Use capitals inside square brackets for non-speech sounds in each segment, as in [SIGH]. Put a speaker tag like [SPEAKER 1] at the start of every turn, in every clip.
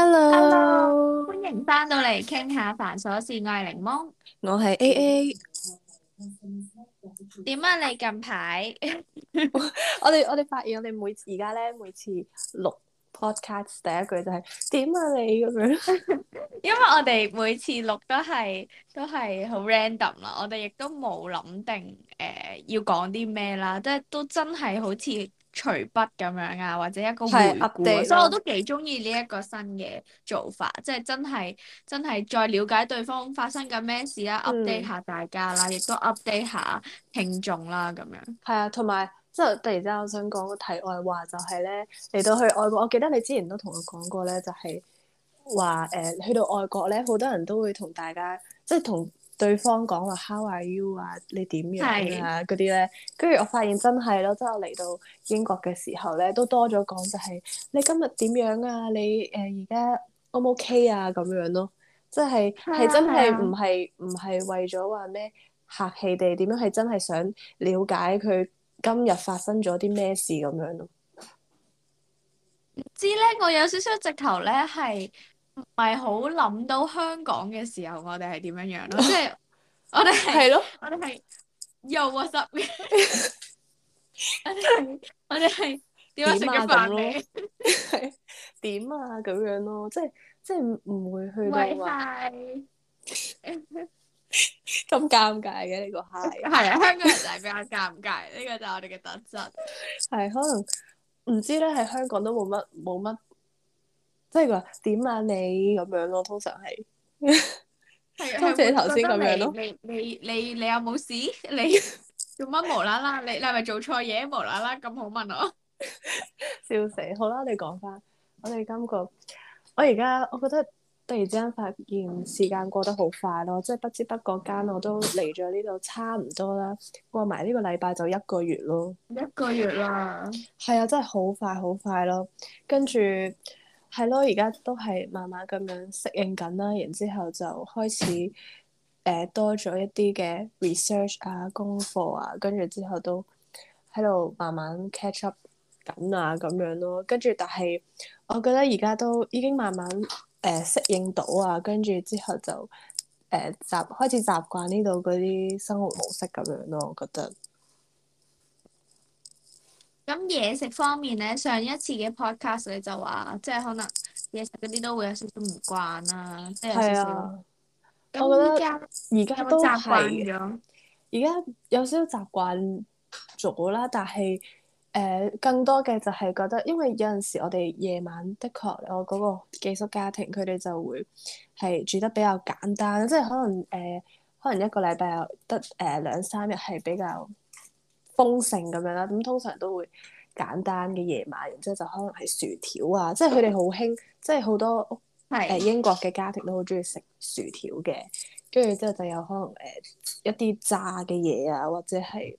[SPEAKER 1] hello，hello. 歡迎翻到嚟傾下繁瑣事愛檸檬，我係 A A，點啊你近排 [LAUGHS] ？
[SPEAKER 2] 我哋我哋發現我哋每次而家咧，每次錄 podcast 第一句就係點啊你咁
[SPEAKER 1] 樣， [LAUGHS] 因為我哋每次錄都係都係好 random 啦，我哋亦都冇諗定誒要講啲咩啦，即係都真係好似～除筆咁樣啊，或者一個 update。所以我都幾中意呢一個新嘅做法，即、就、係、是、真係真係再了解對方發生緊咩事啊 u p d a t e 下大家啦，亦都 update 下聽眾啦咁樣。
[SPEAKER 2] 係啊，同埋即係突然之間，我想講個體外話就係咧，嚟到去外國，我記得你之前都同我講過咧，就係
[SPEAKER 1] 話誒去到
[SPEAKER 2] 外國咧，好多人都會同大家即係同。就是對方講話 How are you 啊？你點樣啊？嗰啲咧，跟住我發現真係咯，即係我嚟到英國嘅時候咧，都多咗講就係、是、你今日點樣啊？你誒而家 O 唔 O K 啊？咁、呃 okay、樣咯，即係係的真係唔係唔係為咗話咩客氣地點樣？係真係想了解佢今日發生咗啲咩事咁樣咯。
[SPEAKER 1] 唔知咧，我有少少直頭咧係。唔係好諗到香港嘅時候，我哋係點樣樣咯？即係
[SPEAKER 2] 我哋係，我
[SPEAKER 1] 哋係又話食嘅，我哋係
[SPEAKER 2] 點樣食嘅飯嘅？係點啊咁樣咯？即係即係唔會去
[SPEAKER 1] 講
[SPEAKER 2] 咁尷尬嘅，呢個係係啊，
[SPEAKER 1] 香港人就係比較尷尬，呢個就係我哋嘅特質。
[SPEAKER 2] 係 [LAUGHS] [LAUGHS] 可能唔知咧，喺香港都冇乜冇乜。即係佢話，點啊你咁樣咯，通常係，
[SPEAKER 1] 好似頭先咁樣咯。你你你你有冇事？你做乜無啦啦？你你係咪做錯嘢？無啦啦咁好問我，
[SPEAKER 2] [LAUGHS] 笑死！好啦，你哋講翻，我哋今個，我而家、這個、我，我覺得，突然之間發現時間過得好快咯，即係不知不覺間我都嚟咗呢度差唔多啦，過埋呢個禮拜就一個月咯。一
[SPEAKER 1] 個月啦，
[SPEAKER 2] 啊，係 [LAUGHS] 啊，真係好快好快咯，跟住。係咯，而家都係慢慢咁樣適應緊啦，然之後就開始誒、呃、多咗一啲嘅 research 啊功課啊，跟住之後都喺度慢慢 catch up 緊啊咁樣咯。跟住但係，我覺得而家都已經慢慢誒、呃、適應到啊，跟住之後就誒、呃、習開始習慣呢度嗰啲生活模式咁樣咯，我覺得。
[SPEAKER 1] 咁嘢食方面咧，上一次嘅 podcast 你就話，即係可能嘢食嗰啲都會有少少唔慣啦、啊，
[SPEAKER 2] 即係、啊、有少少。那 我覺得而家都習慣咗。而家有少少習慣咗啦，但係誒、呃、更多嘅就係覺得，因為有陣時我哋夜晚的確，我嗰個寄宿家庭佢哋就會係住得比較簡單，即係可能誒、呃，可能一個禮拜得誒、呃、兩三日係比較，豐盛咁樣啦，咁通常都會簡單嘅夜晚，然之後就可能係薯條啊，即係佢哋好興，即係好多誒英國嘅家庭都好中意食薯條嘅，跟住之後就有可能誒、呃、一啲炸嘅嘢啊，或者係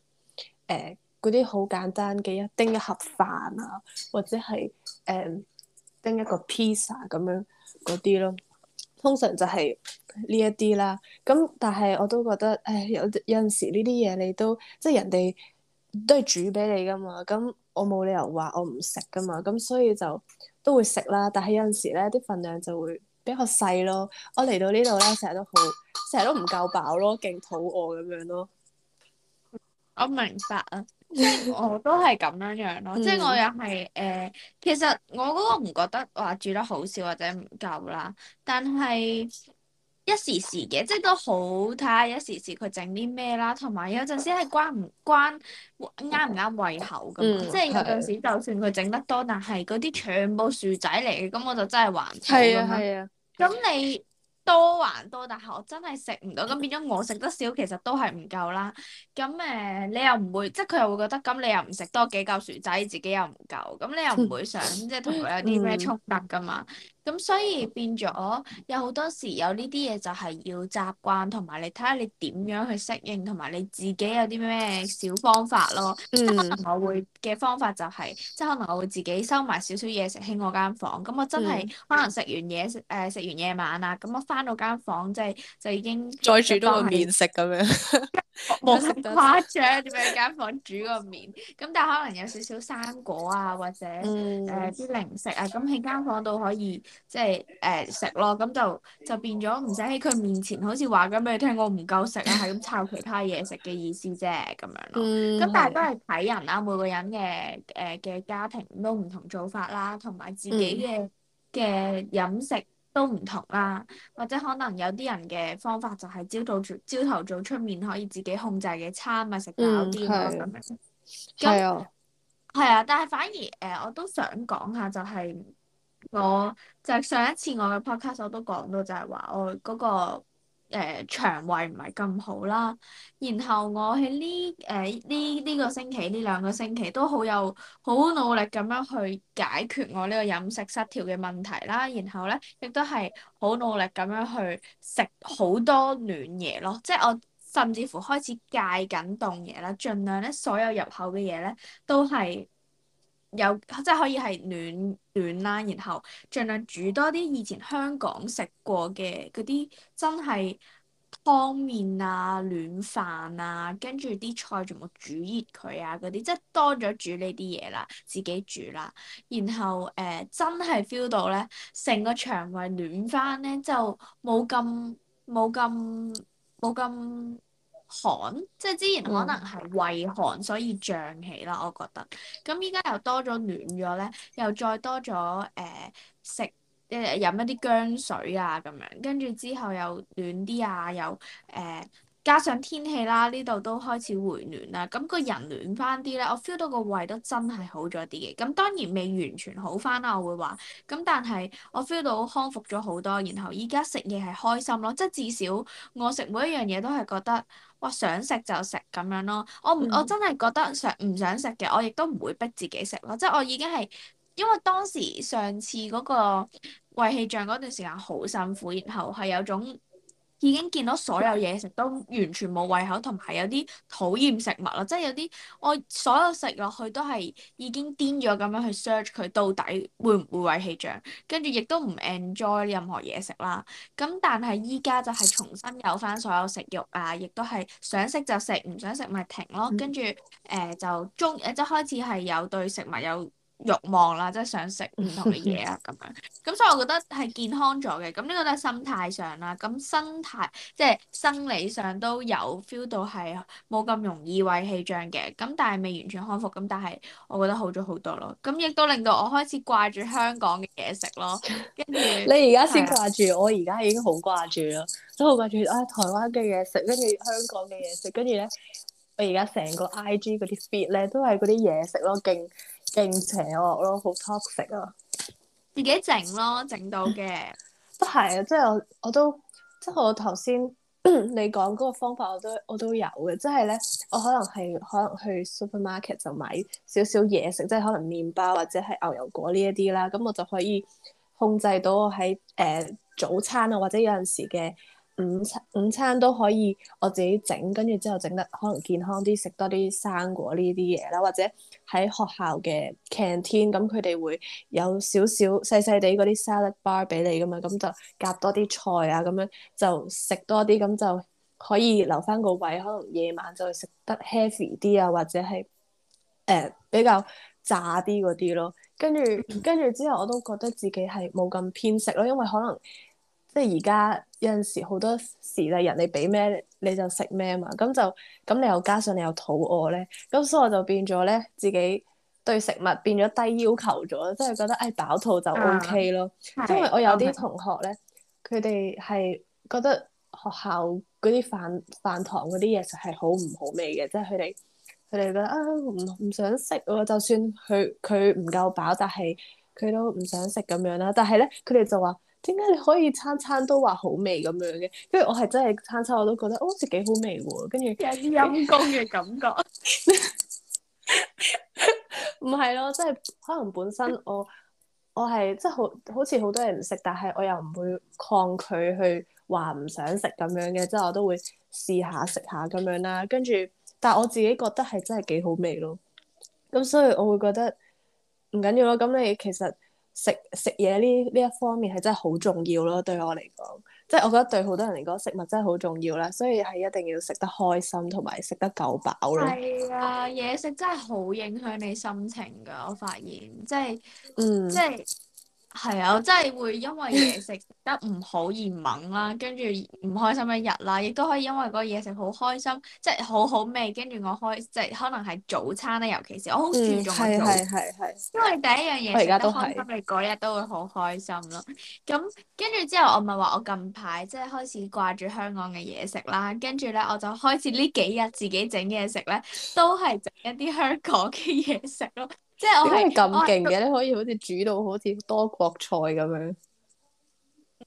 [SPEAKER 2] 誒嗰啲好簡單嘅一丁一盒飯啊，或者係誒叮一個披薩咁樣嗰啲咯，通常就係呢一啲啦。咁但係我都覺得，誒有有陣時呢啲嘢你都即係人哋，都係煮俾你噶嘛，咁我冇理由話我唔食噶嘛，咁所以就都會食啦。但係有陣時咧，啲份量就會比較細咯。我嚟到呢度咧，成日都好，成日都唔夠飽咯，勁肚餓咁樣咯。
[SPEAKER 1] 我明白啊， [LAUGHS] 我都係咁樣樣咯， [LAUGHS] 即係我又係誒，其實我嗰個唔覺得話煮得好少或者唔夠啦，但係。一時時嘅，即係都好睇下一時時佢整啲咩啦，同埋有陣時係關唔關啱唔啱胃口咁。嗯、即係有陣時是就算佢整得多，但係嗰啲全部薯仔嚟嘅，咁我就真係還差。係啊係啊。咁、啊、你多還多，但係我真係食唔到，咁變咗我食得少，其實都係唔夠啦。咁誒，你又唔會，即係佢又會覺得，咁你又唔食多幾嚿薯仔，自己又唔夠，咁你又唔會想 [LAUGHS] 即係同佢有啲咩衝突噶嘛？咁所以變咗有好多時，有呢啲嘢就係要習慣，同埋你睇下你點樣去適應，同埋你自己有啲咩小方法咯。即、嗯、可能我會嘅方法就係、是，即可能我會自己收埋少少嘢食喺我間房。咁我真係、嗯、可能食完嘢誒食完夜晚啊，咁我翻到間房即係就已經再煮多個麵食咁樣。 [LAUGHS]
[SPEAKER 2] 冇咁誇張，點樣喺間
[SPEAKER 1] 房煮個麵？咁 [LAUGHS] 但係可能有少少生果啊，或者誒啲、嗯呃、零食啊，咁喺間房度可以即係誒食咯。咁就就變咗唔使喺佢面前好，好似話緊俾佢聽我唔夠食啊，係咁摷其他嘢食嘅意思啫咁樣
[SPEAKER 2] 咯。咁、嗯、但係都
[SPEAKER 1] 係睇人啦、啊，每個人嘅誒嘅家庭都唔同做法啦，同埋自己嘅嘅、嗯嗯、飲食。都唔同啦，或者可能有啲人嘅方法就係朝早早朝頭早出面可以自己控制嘅餐咪食飽啲咯咁樣。係啊、嗯，但係反而誒、呃，我都想講下就係，我就係、是、上一次我嘅 podcast 我都講到就係話我嗰、那個。誒、呃、腸胃唔係咁好啦，然後我喺呢誒呢呢個星期呢兩個星期都好有好努力咁樣去解決我呢個飲食失調嘅問題啦，然後咧亦都係好努力咁樣去食好多暖嘢咯，即係我甚至乎開始戒緊凍嘢啦，盡量咧所有入口嘅嘢咧都係。有即係可以係暖暖啦，然後盡量煮多啲以前香港食過嘅嗰啲真係湯麵啊、暖飯啊，跟住啲菜全部煮熱佢啊嗰啲，即係多咗煮呢啲嘢啦，自己煮啦。然後誒、呃、真係 feel 到咧，成個腸胃暖返咧，就冇咁冇咁冇咁。寒，即係之前可能係胃寒，嗯、所以脹氣啦，我覺得。咁依家又多咗暖咗咧，又再多咗誒、呃、食誒飲、呃、一啲薑水啊咁樣，跟住之後又暖啲啊，又誒。呃加上天氣啦，呢度都開始回暖啦，咁個人暖翻啲咧，我 feel 到個胃都真係好咗啲嘅，咁當然未完全好翻啊，我會話，咁但係我 feel 到康復咗好多，然後依家食嘢係開心咯，即係至少我食每一樣嘢都係覺得，哇，想食就食咁樣咯，我唔我真係覺得想唔想食嘅，我亦都唔會逼自己食咯，即係我已經係因為當時上次嗰個胃氣脹嗰段時間好辛苦，然後係有種。已經見到所有嘢食都完全冇胃口，同埋有啲討厭食物啦，即係有啲我所有食落去都係已經癲咗咁樣去 search 佢到底會唔會胃氣脹，跟住亦都唔 enjoy 任何嘢食啦。咁但係依家就係重新有返所有食慾啊，亦都係想食就食，唔想食咪停咯。跟住誒就中，即、呃、係開始係有對食物有。欲望啦，即係想食唔同嘅嘢啊，咁樣咁，所以我覺得係健康咗嘅。咁呢個都係心態上啦。咁身體即係生理上都有 feel 到係冇咁容易胃氣脹嘅。咁但係未完全康復。咁但係我覺得好咗好多咯。咁亦都令到我開始掛住香港嘅嘢食咯。跟住你而家
[SPEAKER 2] 先掛住，我而家已經好掛住咯，都好掛住啊！台灣
[SPEAKER 1] 嘅
[SPEAKER 2] 嘢食，跟住香港嘅嘢食，跟住咧，我而家成個 IG 嗰啲 feed 咧，都係嗰啲嘢食咯，勁～勁邪惡咯，好 toxic 啊！
[SPEAKER 1] 自己整咯，整到嘅。
[SPEAKER 2] 都係啊，即係我我都即係我頭先你講嗰個方法我，我都我都有嘅。即係咧，我可能係可能去 supermarket 就買少少嘢食，即係可能麵包或者係牛油果呢一啲啦。咁我就可以控制到我喺誒、呃、早餐啊，或者有陣時嘅。午餐午餐都可以我自己整，跟住之後整得可能健康啲，食多啲生果呢啲嘢啦，或者喺學校嘅 canteen，咁佢哋會有少少細細哋嗰啲 salad bar 俾你噶嘛，咁就夾多啲菜啊，咁樣就食多啲，咁就可以留翻個位，可能夜晚就食得 heavy 啲啊，或者係誒、呃、比較炸啲嗰啲咯。跟住跟住之後我都覺得自己係冇咁偏食咯，因為可能。即係而家有陣時好多時啦，人哋俾咩你就食咩啊嘛，咁就咁你又加上你又肚餓咧，咁所以我就變咗咧自己對食物變咗低要求咗，即係覺得誒、哎、飽肚就 OK 咯。啊、因為我有啲同學咧，佢哋係覺得學校嗰啲飯飯堂嗰啲嘢食係好唔好味嘅，即係佢哋佢哋覺得啊唔唔想食喎，就算佢佢唔夠飽，但係佢都唔想食咁樣啦。但係咧佢哋就話。點解你可以餐餐都話好味咁樣嘅？跟住我係真係餐餐我都覺得好好，好似幾好味喎。跟住有啲陰公嘅感覺，唔係咯，即係可能本身我我係即係好好似好多人唔食，但係我又唔會抗拒去話唔想食咁樣嘅，即係我都會試下食下咁樣啦。跟住，但係我自己覺得係真係幾好味咯。咁所以我會覺得唔緊要咯。咁你其實。食食嘢呢，呢一方面係真係好重要咯，對我嚟講，即係我覺得對好多人嚟講，食物真係好重要啦，所以係一定要食得開心，同埋食得夠飽咯。係
[SPEAKER 1] 啊，嘢食真係好影響你心情㗎，我發現即係，即係。嗯，即係係 [NOISE] 啊，我真係會因為嘢食得唔好而猛啦，跟住唔開心一日啦，亦都可以因為嗰嘢食好開心，即係好好味，跟住我開即係可能係早餐咧，尤其是我好注重我早餐，嗯、因為第一樣嘢食得都開心，你嗰日都會好開心咯。咁跟住之後，我咪話我近排即係開始掛住香港嘅嘢食啦，跟住咧我就開始呢幾日自己整嘢食咧，都係整一啲香港嘅嘢食咯。即係我點解咁勁嘅咧？
[SPEAKER 2] 可以好似煮到好似多國菜咁樣？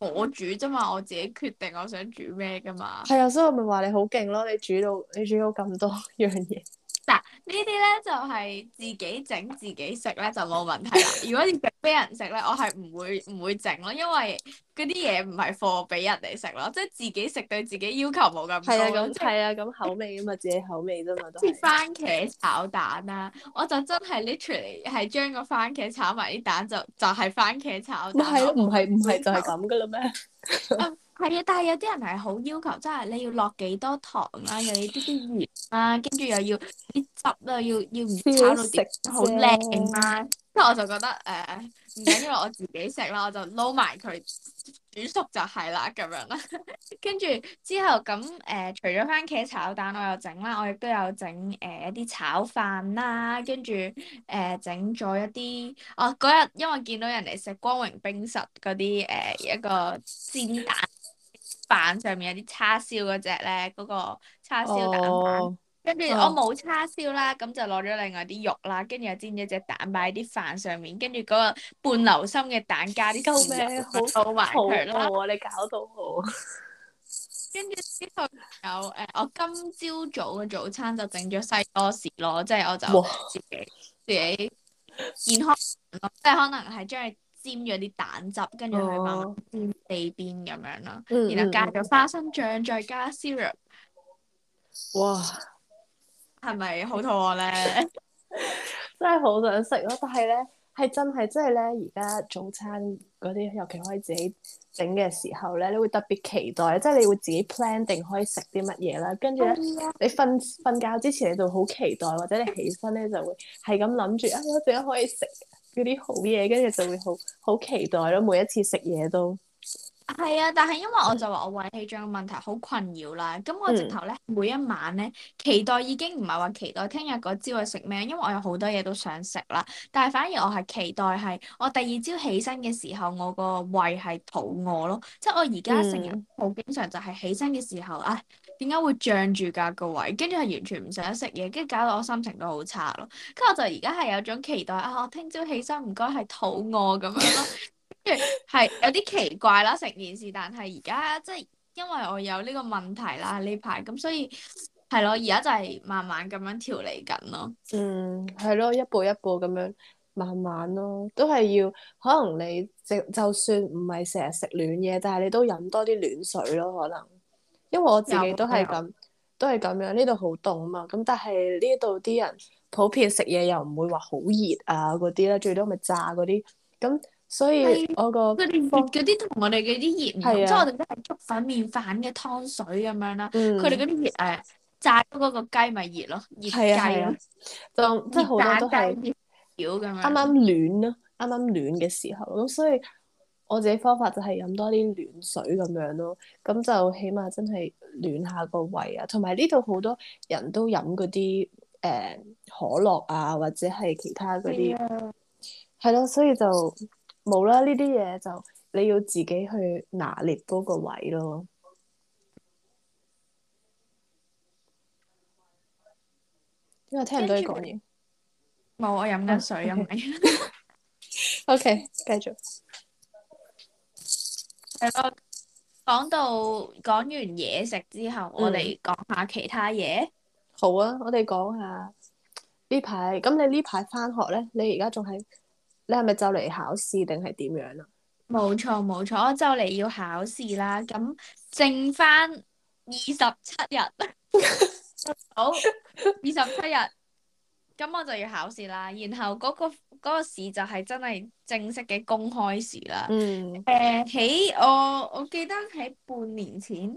[SPEAKER 1] 我煮啫嘛，我自己決定我想煮咩㗎嘛。係啊
[SPEAKER 2] [LAUGHS] 所以我咪話你好勁咯，你煮到你煮到咁多樣嘢。
[SPEAKER 1] 呢啲咧就係、是、自己整自己食咧就冇問題啦。如果要俾人食咧，我係唔會唔會整咯，因為嗰啲嘢唔係貨俾人哋食咯，即係自己食對自己要求冇咁高。係啊，咁係、就是、啊，咁、啊、口
[SPEAKER 2] 味啊嘛， [LAUGHS] 自己口味啫嘛都。即
[SPEAKER 1] 係番茄炒蛋啦，啊，我就真係 literally 係將個番茄炒埋啲蛋，就就係、是、番茄炒蛋。唔係唔
[SPEAKER 2] 係唔係，是 [LAUGHS] 是就係咁噶啦
[SPEAKER 1] 咩？ [LAUGHS] 係啊，但係有啲人係好要求真，即係你要落幾多糖啊，點點啊又要啲啲鹽啊，跟住又要啲汁啊，要要唔炒到點好靚啊！即係 [LAUGHS] 我就覺得誒唔緊要，呃、因為我自己食啦，我就撈埋佢煮熟就係啦咁樣啦。跟 [LAUGHS] 住之後咁誒、呃，除咗番茄炒蛋我，我又整啦，我亦都有整誒一啲炒飯啦，跟住誒整咗一啲。我嗰日因為見到人哋食光榮冰室嗰啲誒一個煎蛋。飯上面有啲叉燒嗰隻咧，嗰、嗰個叉燒蛋飯、oh. 跟住我冇叉燒啦，咁、oh. 就攞咗另外啲肉啦，跟住又煎咗隻蛋擺喺啲飯上面，跟住嗰個半流心嘅蛋加啲咩？好麻煩啦喎！你搞到好！跟住之後有誒，我今朝早嘅早餐就整咗西多士咯，即、就、係、是、我就自己、oh. 自己健康，即係可能係將你。沾咗啲蛋汁，跟住去慢慢沾地邊咁樣啦，哦嗯、然後加咗花生醬，嗯、再加 syrup 哇！係咪好肚餓咧？ [LAUGHS] 真係好想食
[SPEAKER 2] 咯！但係咧，係真係即係咧，而家早餐嗰啲尤其可以自己整嘅時候咧，你會特別期待，即係你會自己 plan 定可以食啲乜嘢啦。跟住咧，你瞓瞓覺之前你就好期待，或者你起身咧就會係咁諗住，啊，呀，我自己可以食嗰啲好嘢，跟住就會好好期待咯。每一次食嘢都
[SPEAKER 1] 係啊，但係因為我就話我胃氣脹嘅問題好困擾啦。咁、嗯、我直頭咧，每一晚咧，期待已經唔係話期待聽日嗰朝去食咩，因為我有好多嘢都想食啦。但係反而我係期待係，我第二朝起身嘅時候，我個胃係肚餓咯。即係我而家成日好經常就係起身嘅時候，唉、哎。點解會脹住個位？跟住係完全唔想食嘢，跟住搞到我心情都好差咯。跟住我就而家係有種期待啊！我聽朝起身唔該係肚餓咁樣咯。跟住係有啲奇怪啦，成件事。但係而家即係因為我有呢個問題啦，呢排咁，所以係咯，而家就係慢慢咁樣調理緊咯。嗯，
[SPEAKER 2] 係咯，一步一步咁樣慢慢咯，都係要可能你即就算唔係成日食暖嘢，但係你都飲多啲暖水咯，可能。因為我自己都係咁，都係咁樣。呢度好凍啊嘛，咁但係呢度啲人普遍食嘢又唔會話好熱啊嗰啲啦，最多咪炸嗰啲。咁所以
[SPEAKER 1] 我個嗰啲同我哋嘅啲熱唔同，即係我哋都係粥粉麵飯嘅湯水咁樣啦。佢哋嗰啲熱誒、哎、炸嗰個雞咪熱咯，熱雞咯就即係好多都係咁樣。啱
[SPEAKER 2] 啱暖咯，啱啱暖嘅時候咁，所以。我自己方法就係飲多啲暖水咁樣咯，咁就起碼真係暖下個胃啊。同埋呢度好多人都飲嗰啲誒可樂啊，或者係其他嗰啲係咯，所以就冇啦。呢啲嘢就你要自己去
[SPEAKER 1] 拿捏嗰個位咯。因為聽唔到你講嘢，冇我飲緊水，飲 O K，繼續。係講到講完嘢食之後，嗯、我哋講下其他
[SPEAKER 2] 嘢。好啊，我哋講下呢排。咁你呢排翻學咧？你而家
[SPEAKER 1] 仲喺？你係咪就嚟考試定係點樣啊？冇錯冇錯，就嚟要考試啦。咁剩翻二十七日， [LAUGHS] [LAUGHS] 好二十七日。咁我就要考試啦，然後嗰、那個嗰試、那個、就係真係正式嘅公開試啦。嗯。誒、uh,，喺我我記得喺半年前，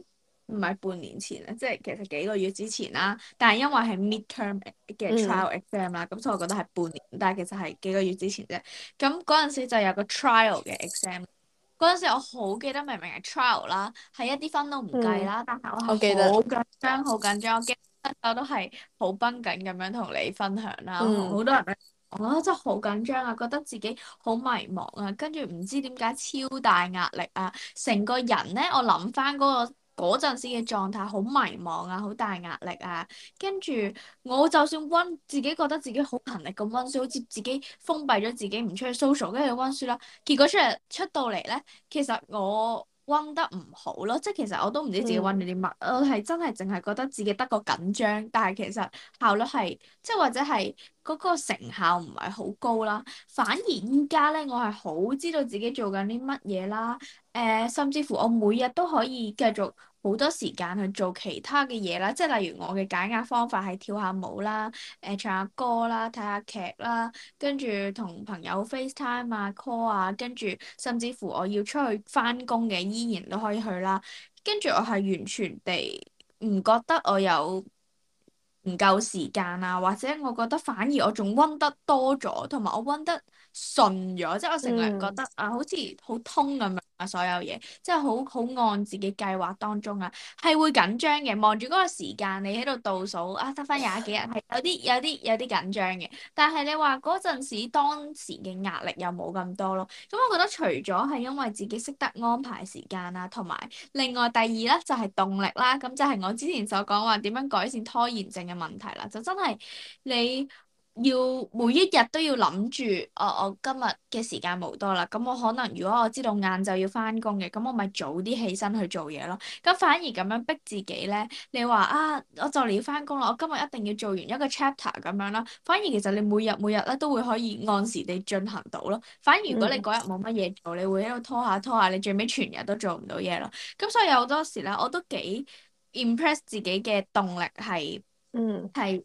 [SPEAKER 1] 唔係半年前咧，即係其實幾個月之前啦。但係因為係 midterm 嘅 trial exam 啦、嗯，咁所以我覺得係半年，但係其實係幾個月之前啫。咁嗰陣時就有個 trial 嘅 exam，嗰陣時我好記得明明係 trial 啦，係一啲分都唔計啦，嗯、但係我記得好緊張，好緊張，我驚。我都係好繃緊咁樣同你分享啦，好、嗯、多人咧，我覺得真係好緊張啊，覺得自己好迷茫啊，跟住唔知點解超大壓力啊，成個人咧，我諗翻嗰個嗰陣時嘅狀態，好迷茫啊，好大壓力啊，跟住我就算温，自己覺得自己好勤力咁温書，好似自己封閉咗自己唔出去 social，跟住温書啦，結果出嚟出到嚟咧，其實我。溫得唔好咯，即係其實我都唔知自己溫咗啲乜，嗯、我係真係淨係覺得自己得個緊張，但係其實效率係，即係或者係嗰個成效唔係好高啦。反而依家咧，我係好知道自己做緊啲乜嘢啦，誒、呃，甚至乎我每日都可以繼續。好多時間去做其他嘅嘢啦，即係例如我嘅解壓方法係跳下舞啦、誒、呃、唱下歌啦、睇下劇啦，跟住同朋友 FaceTime 啊、call 啊，跟住甚至乎我要出去翻工嘅，依然都可以去啦。跟住我係完全地唔覺得我有唔夠時間啊，或者我覺得反而我仲温得多咗，同埋我温得順咗，即係我成日覺得、嗯、啊，好似好通咁樣。啊！所有嘢即係好好按自己計劃當中啊，係會緊張嘅。望住嗰個時間，你喺度倒數啊，得返廿幾日，係有啲有啲有啲緊張嘅。但係你話嗰陣時當時嘅壓力又冇咁多咯。咁我覺得除咗係因為自己識得安排時間啦，同埋另外第二呢就係動力啦。咁就係我之前所講話點樣改善拖延症嘅問題啦，就真係你。要每一日都要諗住，哦，我我今日嘅時間冇多啦，咁我可能如果我知道晏晝要翻工嘅，咁我咪早啲起身去做嘢咯。咁反而咁樣逼自己咧，你話啊，我就嚟要翻工啦，我今日一定要做完一個 chapter 咁樣啦。反而其實你每日每日咧都會可以按時地進行到咯。反而如果你嗰日冇乜嘢做，你會喺度拖下拖下，你最尾全日都做唔到嘢咯。咁所以有好多時咧，我都幾 impress 自己嘅動力係，嗯，係。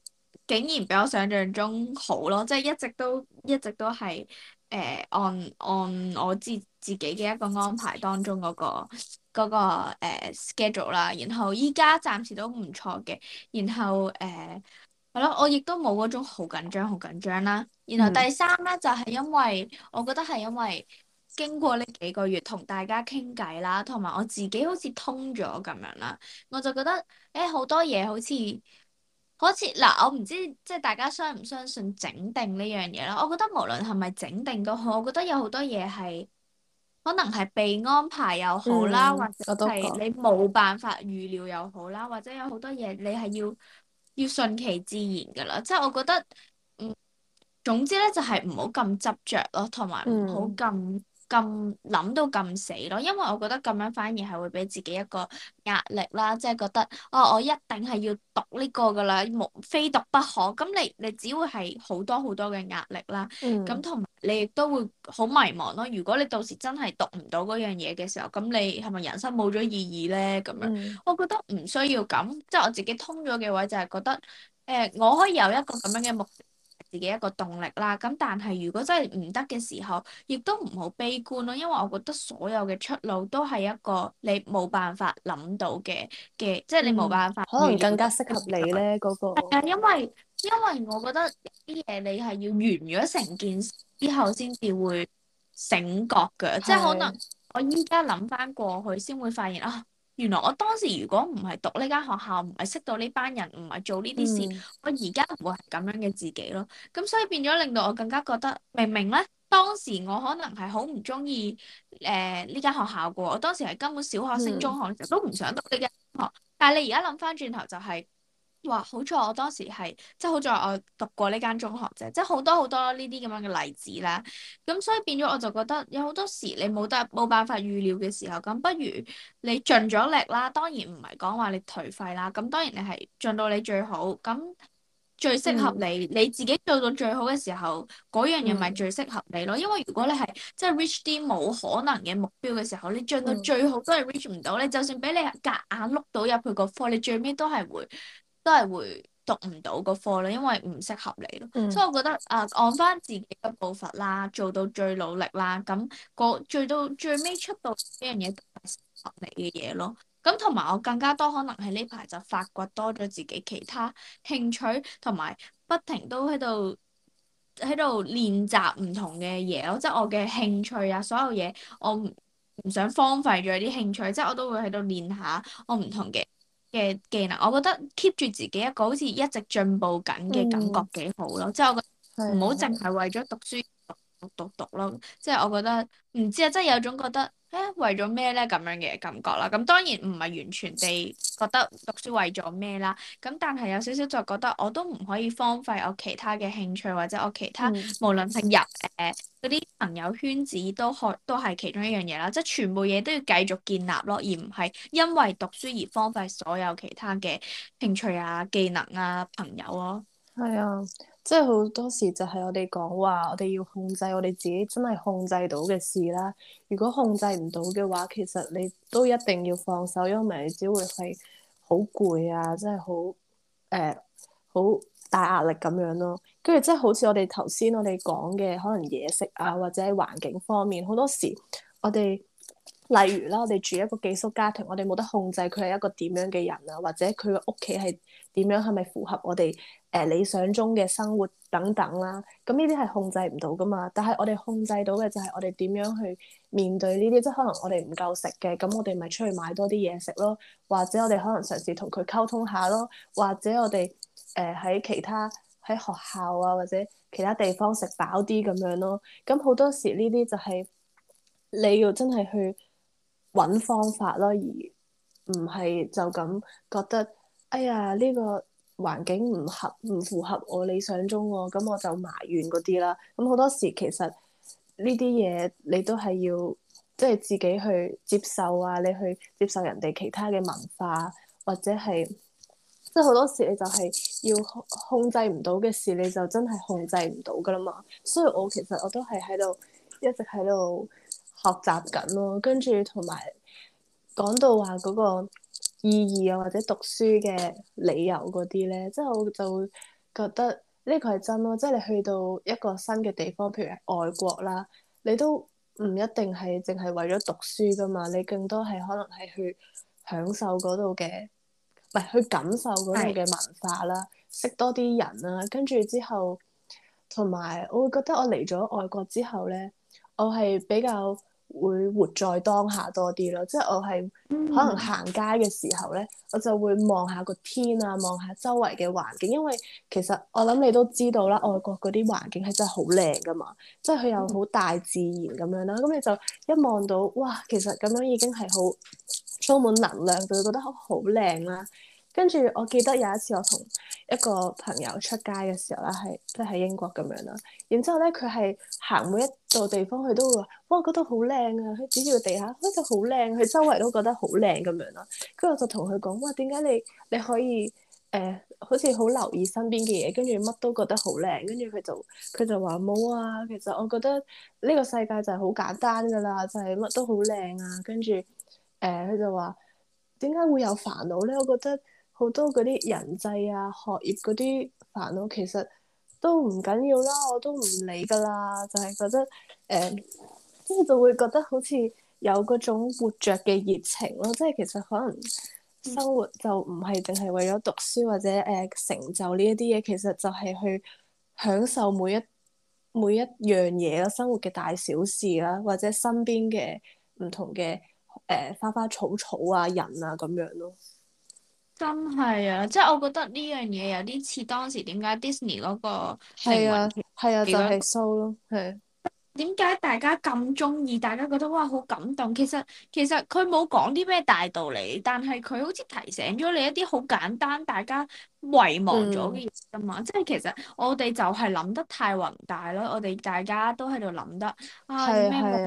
[SPEAKER 1] 竟然比我想象中好咯，即係一直都一直都係誒按按我自自己嘅一個安排當中嗰個嗰個誒 schedule 啦，然後依家暫時都唔錯嘅，然後誒係咯，我亦都冇嗰種好緊張好緊張啦。然後第三咧、嗯、就係因為我覺得係因為經過呢幾個月同大家傾偈啦，同埋我自己好似通咗咁樣啦，我就覺得誒好多嘢好似～好似嗱，我唔知即係大家相唔相信整定呢樣嘢啦。我覺得無論係咪整定都好，我覺得有好多嘢係可能係被安排又好啦，嗯、或者係你冇辦法預料又好啦，或者有好多嘢你係要要順其自然噶啦。即係我覺得，嗯，總之咧就係唔好咁執着咯，同埋唔好咁。嗯咁諗到咁死咯，因為我覺得咁樣反而係會俾自己一個壓力啦，即係覺得哦，我一定係要讀呢個噶啦，無非讀不可。咁你你只會係好多好多嘅壓力啦。咁同、嗯、你亦都會好迷茫咯。如果你到時真係讀唔到嗰樣嘢嘅時候，咁你係咪人生冇咗意義咧？咁樣、嗯、我覺得唔需要咁。即係我自己通咗嘅話，就係覺得誒、呃，我可以有一個咁樣嘅目的。自己一個動力啦，咁但係如果真係唔得嘅時候，亦都唔好悲觀咯，因為我覺得所有嘅出路都係一個你冇辦法諗到嘅嘅，嗯、即係你冇辦法。可能更加適合你咧嗰、嗰個。係因為因為我覺得有啲嘢你係要完咗成件事之後先至會醒覺嘅，是即係可能我依家諗翻過去先會發現啊。哦原來我當時如果唔係讀呢間學校，唔係識到呢班人，唔係做呢啲事，嗯、我而家唔會係咁樣嘅自己咯。咁所以變咗令到我更加覺得，明明咧當時我可能係好唔中意誒呢間學校嘅，我當時係根本小學升、嗯、中學都唔想讀呢間學校。但係你而家諗翻轉頭就係、是。話好彩，我當時係即係好在我讀過呢間中學啫，即係好多好多呢啲咁樣嘅例子啦。咁所以變咗我就覺得有好多時你冇得冇辦法預料嘅時候，咁不如你盡咗力啦。當然唔係講話你頹廢啦。咁當然你係盡到你最好咁，最適合你、嗯、你自己做到最好嘅時候，嗰樣嘢咪最適合你咯。嗯、因為如果你係即係 reach 啲冇可能嘅目標嘅時候，你盡到最好都係 reach 唔到。嗯、你就算俾你夾硬碌到入去個科，你最尾都係會。都係會讀唔到個課咯，因為唔適合你咯，嗯、所以我覺得啊，按翻自己嘅步伐啦，做到最努力啦，咁個最到最尾出到呢樣嘢就適合你嘅嘢咯。咁同埋我更加多可能係呢排就發掘多咗自己其他興趣，同埋不停都喺度喺度練習唔同嘅嘢咯，即係我嘅興趣啊，所有嘢我唔唔想荒廢咗啲興趣，即係我都會喺度練下我唔同嘅。嘅技能，我覺得 keep 住自己一個好似一直進步緊嘅感覺幾好咯，即係、嗯、我覺得唔好淨係為咗讀書讀、嗯、讀讀讀咯，即係、嗯、我覺得唔知啊，即係有種覺得。誒為咗咩咧，咁樣嘅感覺啦，咁當然唔係完全地覺得讀書為咗咩啦，咁但係有少少就覺得我都唔可以荒廢我其他嘅興趣或者我其他、嗯、無論係入誒嗰啲朋友圈子都學都係其中一樣嘢啦，即係全部嘢都要繼續建立咯，而唔係因為讀書而荒廢所有其他嘅興趣啊、技能啊、朋友咯。
[SPEAKER 2] 係啊。嗯即係好多時就係我哋講話，我哋要控制我哋自己真係控制到嘅事啦。如果控制唔到嘅話，其實你都一定要放手，因為你只會係好攰啊，真係好呃、好大壓力咁樣咯。跟住即係好似我哋頭先我哋講嘅，可能嘢食啊或者環境方面，好多時我哋。例如啦，我哋住一個寄宿家庭，我哋冇得控制佢係一個點樣嘅人啊，或者佢個屋企係點樣，係咪符合我哋誒、呃、理想中嘅生活等等啦。咁呢啲係控制唔到㗎嘛。但係我哋控制到嘅就係我哋點樣去面對呢啲，即係可能我哋唔夠食嘅，咁我哋咪出去買多啲嘢食咯，或者我哋可能嘗試同佢溝通下咯，或者我哋誒喺其他喺學校啊或者其他地方食飽啲咁樣咯。咁好多時呢啲就係你要真係去。揾方法咯，而唔係就咁覺得，哎呀，呢個環境唔合唔符合我理想中喎，咁我就埋怨嗰啲啦。咁好多時其實呢啲嘢你都係要，即係自己去接受啊，你去接受人哋其他嘅文化，或者係即係好多時你就係要控制唔到嘅事，你就真係控制唔到噶啦嘛。所以我其實我都係喺度一直喺度。學習緊咯，跟住，同埋講到話嗰個意義啊，或者讀書嘅理由嗰啲咧，即係我就會覺得呢個係真咯，啊，即係你去到一個新嘅地方，譬如係外國啦，你都唔一定係淨係為咗讀書噶嘛，你更多係可能係去享受嗰度嘅，唔係去感受嗰度嘅文化啦，是識多啲人啦，啊，跟住之後同埋我會覺得我嚟咗外國之後咧，我係比較。會活在當下多啲咯，即係我係可能行街嘅時候咧，我就會望下個天啊，望下周圍嘅環境，因為其實我諗你都知道啦，外國嗰啲環境係真係好靚噶嘛，即係佢又好大自然咁樣啦，咁、嗯、你就一望到，哇，其實咁樣已經係好充滿能量，就會覺得好靚啦。跟住，我記得有一次我同一個朋友出街嘅時候啦，係都喺英國咁樣啦。然之後咧，佢係行每一度地方，佢都會話：哇，覺得好靚啊！佢指住個地下，覺得好靚；佢周圍都覺得好靚咁樣啦。跟住我就同佢講：哇，點解你你可以誒、呃，好似好留意身邊嘅嘢，跟住乜都覺得好靚？跟住佢就佢就話冇啊，其實我覺得呢個世界就係好簡單㗎啦，就係、是、乜都好靚啊。跟住誒，佢、呃、就話點解會有煩惱咧？我覺得。好多嗰啲人際啊、學業嗰啲煩惱，其實都唔緊要啦，我都唔理噶啦，就係、是、覺得誒，即、呃、係就會覺得好似有嗰種活著嘅熱情咯，即係其實可能生活就唔係淨係為咗讀書或者誒、呃、成就呢一啲嘢，其實就係去享受每一每一樣嘢咯，生活嘅大小事啦，或者身邊嘅唔同嘅誒、呃、花花草草啊、人啊咁樣咯。
[SPEAKER 1] 真係啊！嗯、即係我覺得呢樣嘢有啲似當時點解 Disney 嗰個係啊係啊，就係、係、Soul 咯、啊，係。點解大家咁中意？大家覺得哇，好感動。其實其實佢冇講啲咩大道理，但係佢好似提醒咗你一啲好簡單，大家遺忘咗嘅嘢㗎嘛。嗯、即係其實我哋就係諗得太宏大咯。我哋大家都喺度諗得、哎、啊咩？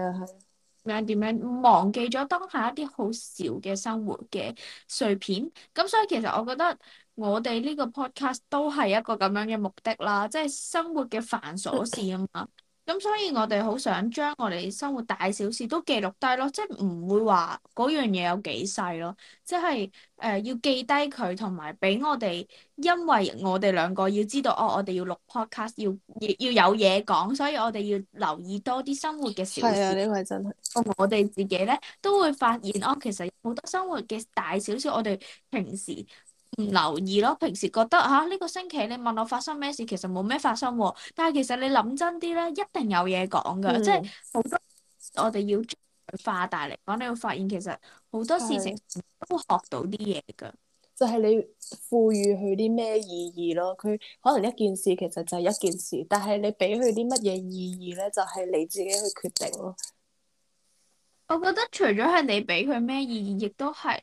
[SPEAKER 1] 點樣點樣忘記咗當下一啲好少嘅生活嘅碎片，咁所以其實我覺得我哋呢個 podcast 都係一個咁樣嘅目的啦，即係生活嘅繁瑣事啊嘛。咁所以我哋好想將我哋生活大小事都記錄低咯，即係唔會話嗰樣嘢有幾細咯，即係誒、呃、要記低佢同埋俾我哋，因為我哋兩個要知道，哦，我哋要錄 podcast，要要，要有嘢講，所以我哋要留意多啲生活嘅小事。係啊，呢個係真係。嗯、我哋自己咧都會發現，哦，其實好多生活嘅大小事，我哋平時唔留意咯，平時覺得吓呢、啊，這個星期你問我發生咩事，其實冇咩發生喎。但係其實你諗真啲咧，一定有嘢講噶，嗯、即係好多。我哋要放大嚟講，你會發現其實好多事情是都學到啲嘢噶。就係你賦予佢啲咩
[SPEAKER 2] 意義咯？佢可能一件事其實就係一件事，但係你俾佢啲乜嘢意義
[SPEAKER 1] 咧，就係、是、你自己去決定咯。我覺得除咗係你俾佢咩意義，亦都係。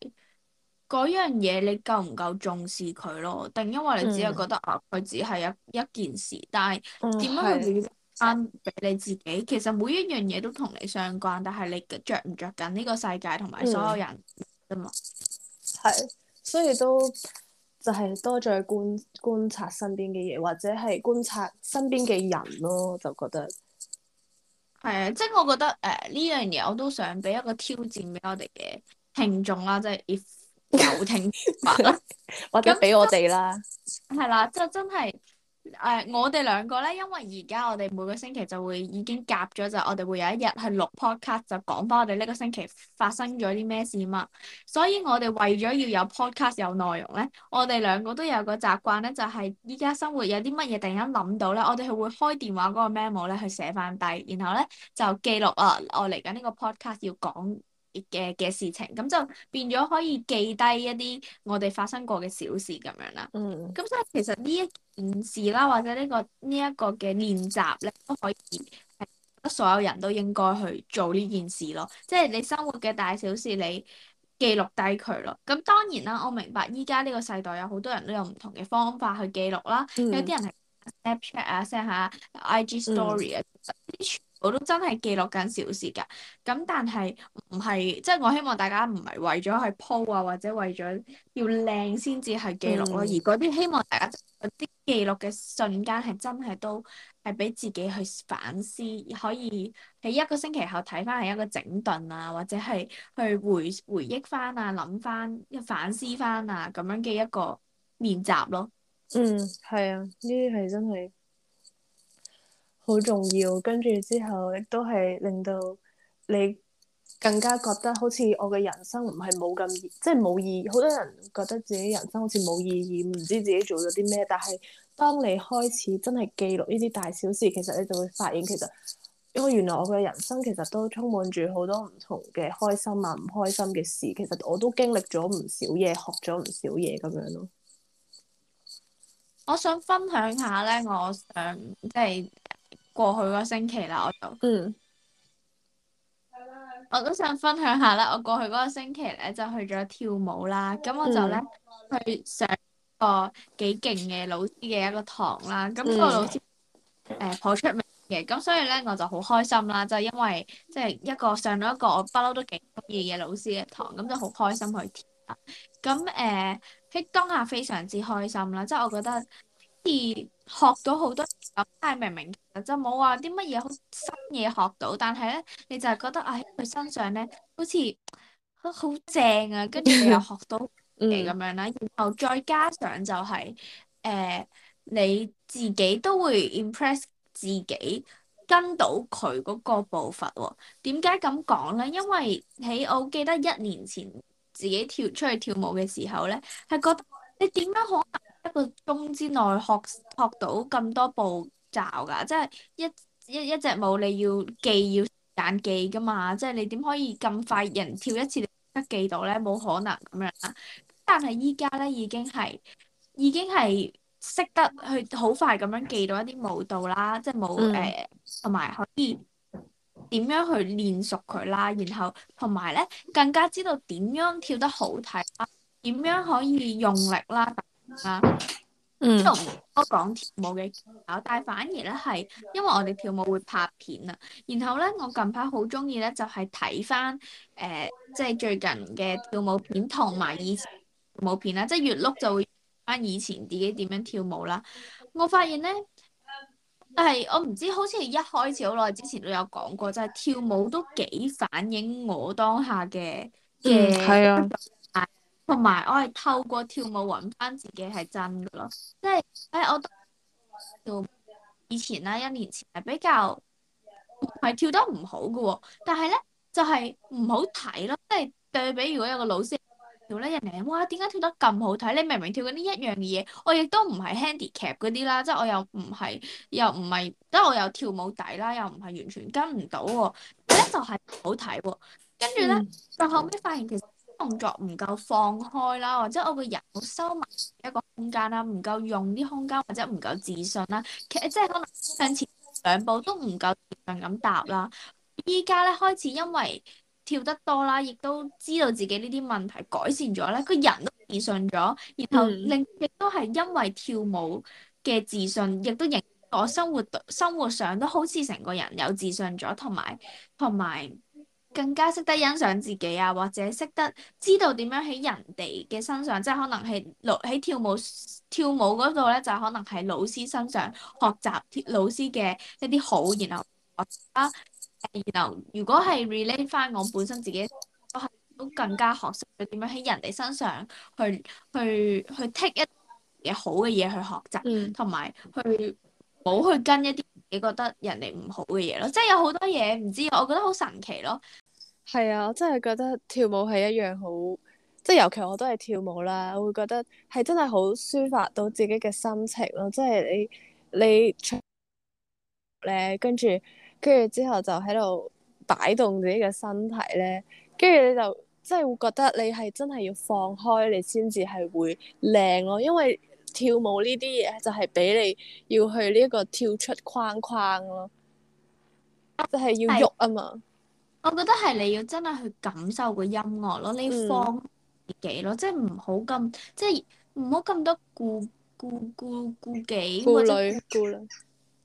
[SPEAKER 1] 嗰樣嘢你夠唔夠重視佢咯？定因為你只係覺得、嗯、啊，佢只係一一件事，但係點樣佢自己生俾你自己？嗯、其實每一樣嘢都同你相關，但係你着唔着緊呢個世界同埋所有人啫嘛。
[SPEAKER 2] 係、嗯，所以都就係、是、多在觀觀察身邊嘅嘢，或者係觀察身邊嘅人咯，就覺得
[SPEAKER 1] 係啊！即係我覺得誒呢樣嘢我都想俾一個挑戰俾我哋嘅聽眾啦，嗯、即係 if。有聽
[SPEAKER 2] 法或者俾我哋啦。
[SPEAKER 1] 係啦、即係，就真係誒、呃，我哋兩個咧，因為而家我哋每個星期就會已經夾咗，就、我哋會有一日去錄 podcast 就講翻我哋呢個星期發生咗啲咩事嘛。所以我哋為咗要有 podcast 有內容咧，我哋兩個都有個習慣咧，就係依家生活有啲乜嘢突然間諗到咧，我哋係會開電話嗰個 memo 咧去寫翻低，然後咧就記錄啊，我嚟緊呢個 podcast 要講。嘅嘅事情，咁就變咗可以記低一啲我哋發生過嘅小事咁樣啦。嗯。咁所以其實呢一件事啦，或者呢個呢一個嘅練習咧，都可以係所有人都應該去做呢件事咯。即係你生活嘅大小事，你記錄低佢咯。咁當然啦，我明白依家呢個世代有好多人都有唔同嘅方法去記錄啦。嗯、有啲人係 Snapchat 啊、send 下 IG Story、嗯、啊。我都真係記錄緊小事㗎，咁但係唔係即係我希望大家唔係為咗去 po 啊，或者為咗要靚先至係記錄咯，嗯、而嗰啲希望大家嗰啲記錄嘅瞬間係真係都係俾自己去反思，可以喺一個星期後睇翻係一個整頓啊，或者係去回回憶翻啊，諗翻、反思翻啊咁樣嘅一個練習咯。嗯，係啊，呢啲係真係
[SPEAKER 2] 好重要，跟住之後亦都係令到你更加覺得好似我嘅人生唔係冇咁，即係冇意義。好多人覺得自己人生好似冇意義，唔知自己做咗啲咩。但係當你開始真係記錄呢啲大小事，其實你就會發現，其實因為原來我嘅人生其實都充滿住好多唔同嘅開心啊、唔開心嘅事。其實我都經歷咗唔少嘢，學咗唔少嘢咁樣咯。
[SPEAKER 1] 我想分享下咧，我想即係。過去嗰星期啦，我就，嗯、我都想分享下啦。我過去嗰個星期咧，就去咗跳舞啦。咁我就咧、嗯、去上一個幾勁嘅老師嘅一個堂啦。咁嗰個老師誒好、嗯呃、出名嘅，咁所以咧我就好開心啦。就因為即係、就是、一個上咗一個我不嬲都幾中意嘅老師嘅堂，咁就好開心去跳。咁誒喺當下非常之開心啦，即、就、係、是、我覺得。而學到好多時候，真係明明就冇話啲乜嘢好新嘢學到，但係咧，你就係覺得喺佢身上咧好似好，好正啊！跟住又學到嘢咁樣啦， [LAUGHS] 嗯、然後再加上就係、是、誒、呃、你自己都會 impress 自己跟到佢嗰個步伐喎、哦。點解咁講咧？因為喺我記得一年前自己跳出去跳舞嘅時候咧，係覺得你點樣可能？一個鐘之內學學到咁多步驟㗎，即係一一一隻舞你要記要揀記㗎嘛，即係你點可以咁快人跳一次得記到咧？冇可能咁樣啦。但係依家咧已經係已經係識得去好快咁樣記到一啲舞蹈啦，即係冇，誒同埋可以點樣去練熟佢啦，然後同埋咧更加知道點樣跳得好睇啦，點樣可以用力啦。啊，即係唔多講跳舞嘅，但係反而咧係，因為我哋跳舞會拍片啊，然後咧我近排好中意咧就係睇翻，誒，即係最近嘅，呃，就是，跳舞片同埋以前跳舞片啦，即，就，係，是，越碌就會翻以前自己點樣跳舞啦，我發現咧，但係我唔知，好似一開始好耐之前都有講過，就係，是，跳舞都幾反映我當下嘅嘅。嗯同埋我係透過跳舞揾翻自己係真嘅咯，即係誒我跳以前啦，一年前係比較唔係跳得唔好嘅喎，但係咧就係、是、唔好睇咯。即係對比，如果有個老師跳咧，人哋哇點解跳得咁好睇？你明明跳緊呢一樣嘢，我亦都唔係 handicap 嗰啲啦，即、就、係、是、我又唔係又唔係，即係我有跳舞底啦，又唔係完全跟唔到喎。咧就係好睇喎，跟住咧就後尾發現其實。動作唔夠放開啦，或者我個人收埋一個空間啦，唔夠用啲空間或者唔夠自信啦，其實即係可能向前兩步都唔夠自信咁答啦。依家咧開始因為跳得多啦，亦都知道自己呢啲問題改善咗咧，個人都自信咗，然後另亦都係因為跳舞嘅自信，亦都影響我生活，生活上都好似成個人有自信咗，同埋同埋。更加識得欣賞自己啊，或者識得知道點樣喺人哋嘅身上，即係可能係老喺跳舞跳舞嗰度咧，就可能係老師身上學習老師嘅一啲好，然後啊，然後如果係 relate 翻我本身自己都係都更加學識佢點樣喺人哋身上去去去，去 take 一啲好嘅嘢去學習，同埋、嗯、去冇去跟一啲。你覺得人哋唔好嘅嘢咯，即係有好多嘢唔知，我覺得好神奇咯。係啊，我真係覺得跳舞係一樣
[SPEAKER 2] 好，即係尤其我都係跳舞啦，我會覺得係真係好抒發到自己嘅心情咯。即係你你唱咧，跟住跟住之後就喺度擺動自己嘅身體咧，跟住你就即係會覺得你係真係要放開你先至係會靚咯，因為。跳舞呢啲嘢就係、是、俾你要去呢一個跳出框框咯，
[SPEAKER 1] 就係、是、要喐啊嘛。我覺得係你要真係去感受個音樂咯，你放自己咯，嗯、即係唔好咁，即係唔好咁多顧顧顧顧忌。顧慮顧慮，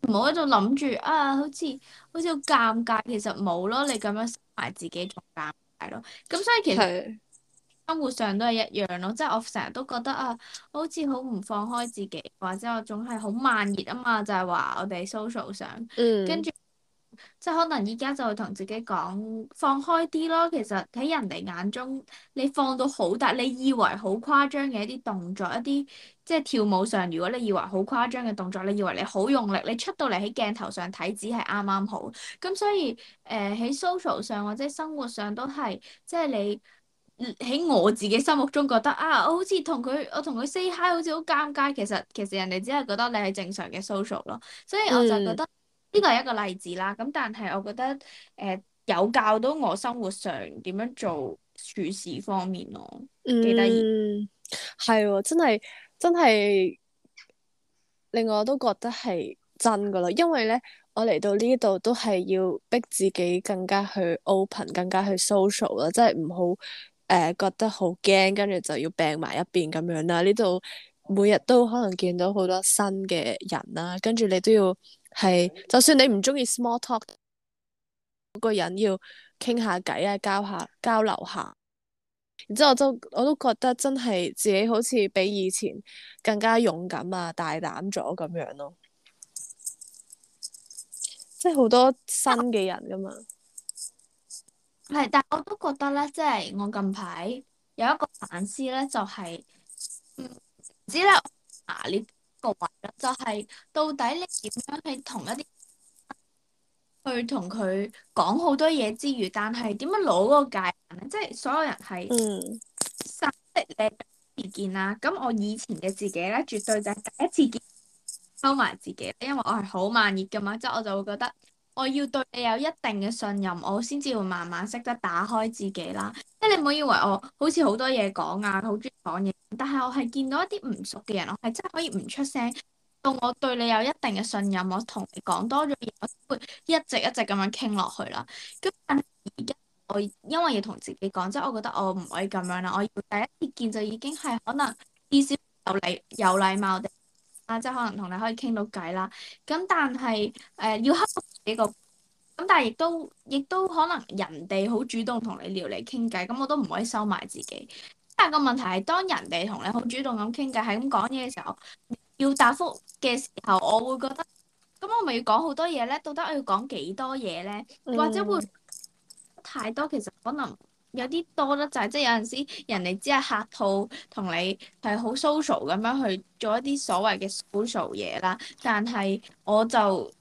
[SPEAKER 1] 唔好喺度諗住啊，好似好似好尷尬，其實冇咯，你咁樣收埋自己仲尷尬咯。咁所以其實。生活上都係一樣咯，即係我成日都覺得啊，好似好唔放開自己，或者我總係好慢熱啊嘛，就係話我哋 social 上，跟住即係可能依家就會同自己講放開啲咯。其實喺人哋眼中，你放到好大，你以為好誇張嘅一啲動作，一啲即係跳舞上，如果你以為好誇張嘅動作，你以為你好用力，你出到嚟喺鏡頭上睇只係啱啱好。咁所以誒喺 social 上或者生活上都係即係你。喺我自己心目中覺得啊，我好似同佢我同佢 say hi 好似好尷尬，其實其實人哋只係覺得你係正常嘅 social 咯，所以我就覺得呢個係一個例子啦。咁但係我覺得誒、呃、有教到我生活上點樣做處事方面咯，幾得意。
[SPEAKER 2] 係喎，真係真係令我都覺得係真噶啦，因為咧我嚟到呢度都係要逼自己更加去 open，更加去 social 啦，即係唔好。誒、呃、覺得好驚，跟住就要病埋一邊咁樣啦。呢度每日都可能見到好多新嘅人啦，跟住你都要係，就算你唔中意 small talk 嗰個人，要傾下偈啊，交下交流下。然之後都我都覺得真係自己好似比以前更加勇敢啊、大
[SPEAKER 1] 膽咗咁樣咯。即係好多新嘅人噶嘛。係，但係我都覺得咧，即係我近排有一個反思咧，就係，嗯，唔知咧，嗱，呢個話咧，就係到底你點樣去同一啲，去同佢講好多嘢之餘，但係點樣攞個界呢？即係所有人係，嗯，省得你意見啦。咁我以前嘅自己咧，絕對就係第一次見收埋自己，因為我係好慢熱噶嘛，即係我就會覺得。我要對你有一定嘅信任，我先至會慢慢識得打開自己啦。即係你唔好以為我好似好多嘢講啊，好中意講嘢。但係我係見到一啲唔熟嘅人，我係真係可以唔出聲。到我對你有一定嘅信任，我同你講多咗嘢，我會一直一直咁樣傾落去啦。咁但係而家我因為要同自己講，即係我覺得我唔可以咁樣啦。我要第一次見就已經係可能意思有禮有禮貌地啊，即係可能同你可以傾到偈啦。咁但係誒、呃、要克服。幾個咁，但係亦都亦都可能人哋好主動同你聊嚟傾偈，咁我都唔可以收埋自己。但係個問題係，當人哋同你好主動咁傾偈，係咁講嘢嘅時候，要答復嘅時候，我會覺得，咁我咪要講好多嘢咧？到底我要講幾多嘢咧？或者會太多，其實可能有啲多啦就係，即係有陣時人哋只係客套同你係好 social 咁樣去做一啲所謂嘅 social 嘢啦，但係我就。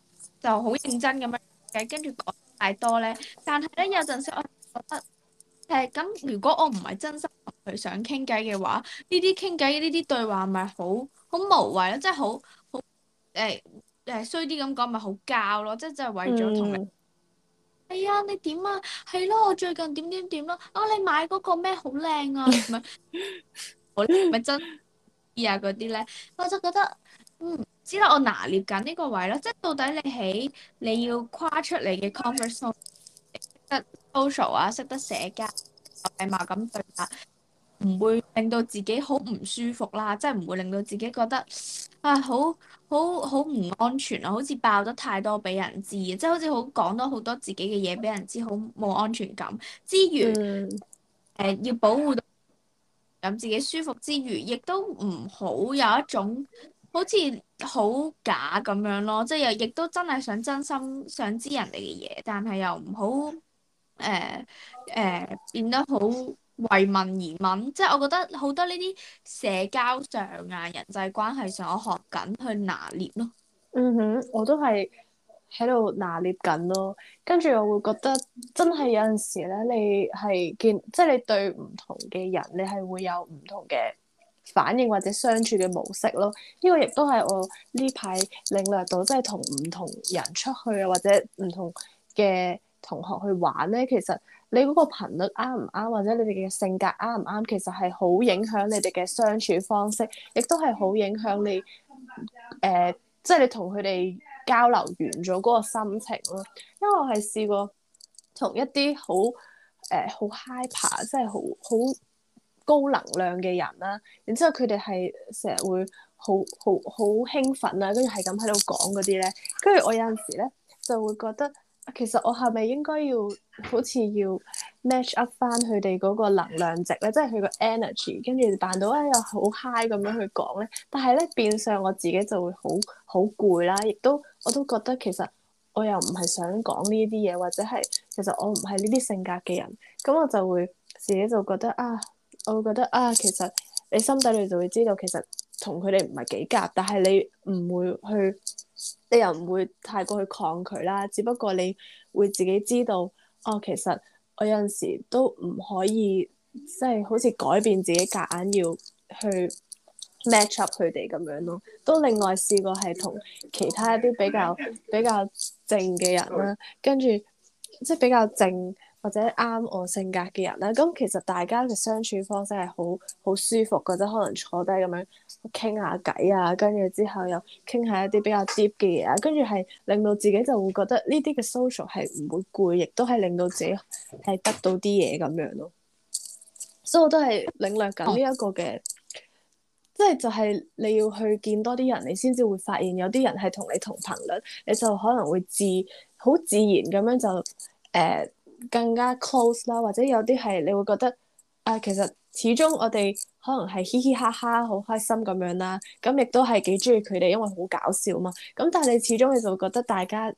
[SPEAKER 1] 就好認真咁樣傾偈，跟住講太多咧。但係咧，有陣時我覺得誒咁，欸、如果我唔係真心去想傾偈嘅話，呢啲傾偈呢啲對話咪好好無謂咯，即係好好誒誒衰啲咁講咪好膠咯，即係真係為咗同你。係、嗯哎、啊，你點啊？係咯，我最近點點點咯。哦、啊，你買嗰個咩好靚啊？唔係， [LAUGHS] 我啲唔真啲啊嗰啲咧，我就覺得嗯。知道我拿捏緊呢個位啦，即係到底你喺你要跨出嚟嘅 conversation 得 social 啊，識得社交啊，禮貌咁對話，唔、啊、會令到自己好唔舒服啦、啊，即係唔會令到自己覺得啊好好好唔安全啊，好似爆得太多俾人知啊，即係好似好講多好多自己嘅嘢俾人知，好冇安全感。之餘誒、嗯呃、要保護到咁自己舒服之餘，亦都唔好有一種。好似好假咁樣咯，即係又亦都真係想真心想知人哋嘅嘢，但係又唔好誒誒變得好為問而問，即係我覺得好多呢啲社交上啊、人際關係上，我學緊去拿捏咯。嗯
[SPEAKER 2] 哼，我都係喺度拿捏緊咯，跟住我會覺得真係有陣時咧，你係見即係你對唔同嘅人，你係會有唔同嘅反應或者相處嘅模式咯，呢個亦都係我呢排領略到，即係同唔同人出去啊，或者唔同嘅同學去玩咧，其實你嗰個頻率啱唔啱，或者你哋嘅性格啱唔啱，其實係好影響你哋嘅相處方式，亦都係好影響你誒，即係你同佢哋交流完咗嗰個心情咯。因為我係試過同一啲好誒好 hyper，即係好好。呃高能量嘅人啦，然之後佢哋係成日會好好好興奮呀，跟住係咁喺度講嗰啲咧。跟住我有陣時咧就會覺得，其實我係咪應該要好似要 match up 翻佢哋嗰個能量值咧，即係佢個 energy，跟住扮到咧又好 high 咁樣去講咧。但係咧變相我自己就會好好攰啦，亦都我都覺得其實我又唔係想講呢啲嘢，或者係其實我唔係呢啲性格嘅人，咁我就會自己就覺得啊～我會覺得啊，其實你心底裏就會知道，其實同佢哋唔係幾夾，但係你唔會去，你又唔會太過去抗拒啦。只不過你會自己知道，哦，其實我有陣時都唔可以，即係好似改變自己夾硬要去 match up 佢哋咁樣咯。都另外試過係同其他一啲比較比較靜嘅人啦，跟住即係比較靜。或者啱我性格嘅人啦，咁其實大家嘅相處方式係好好舒服嘅，即係可能坐低咁樣傾下偈啊，跟住之後又傾下一啲比較 deep 嘅嘢啊，跟住係令到自己就會覺得呢啲嘅 social 係唔會攰，亦都係令到自己係得到啲嘢咁樣咯。所、so, 以我都係領略緊呢一個嘅，即係就係、是、你要去見多啲人，你先至會發現有啲人係同你同頻率，你就可能會自好自然咁樣就誒。呃更加 close 啦，或者有啲係你會覺得，啊其實始終我哋可能係嘻嘻哈哈好開心咁樣啦，咁、嗯、亦都係幾中意佢哋，因為好搞笑嘛。咁但係你始終，你就覺得大家誒、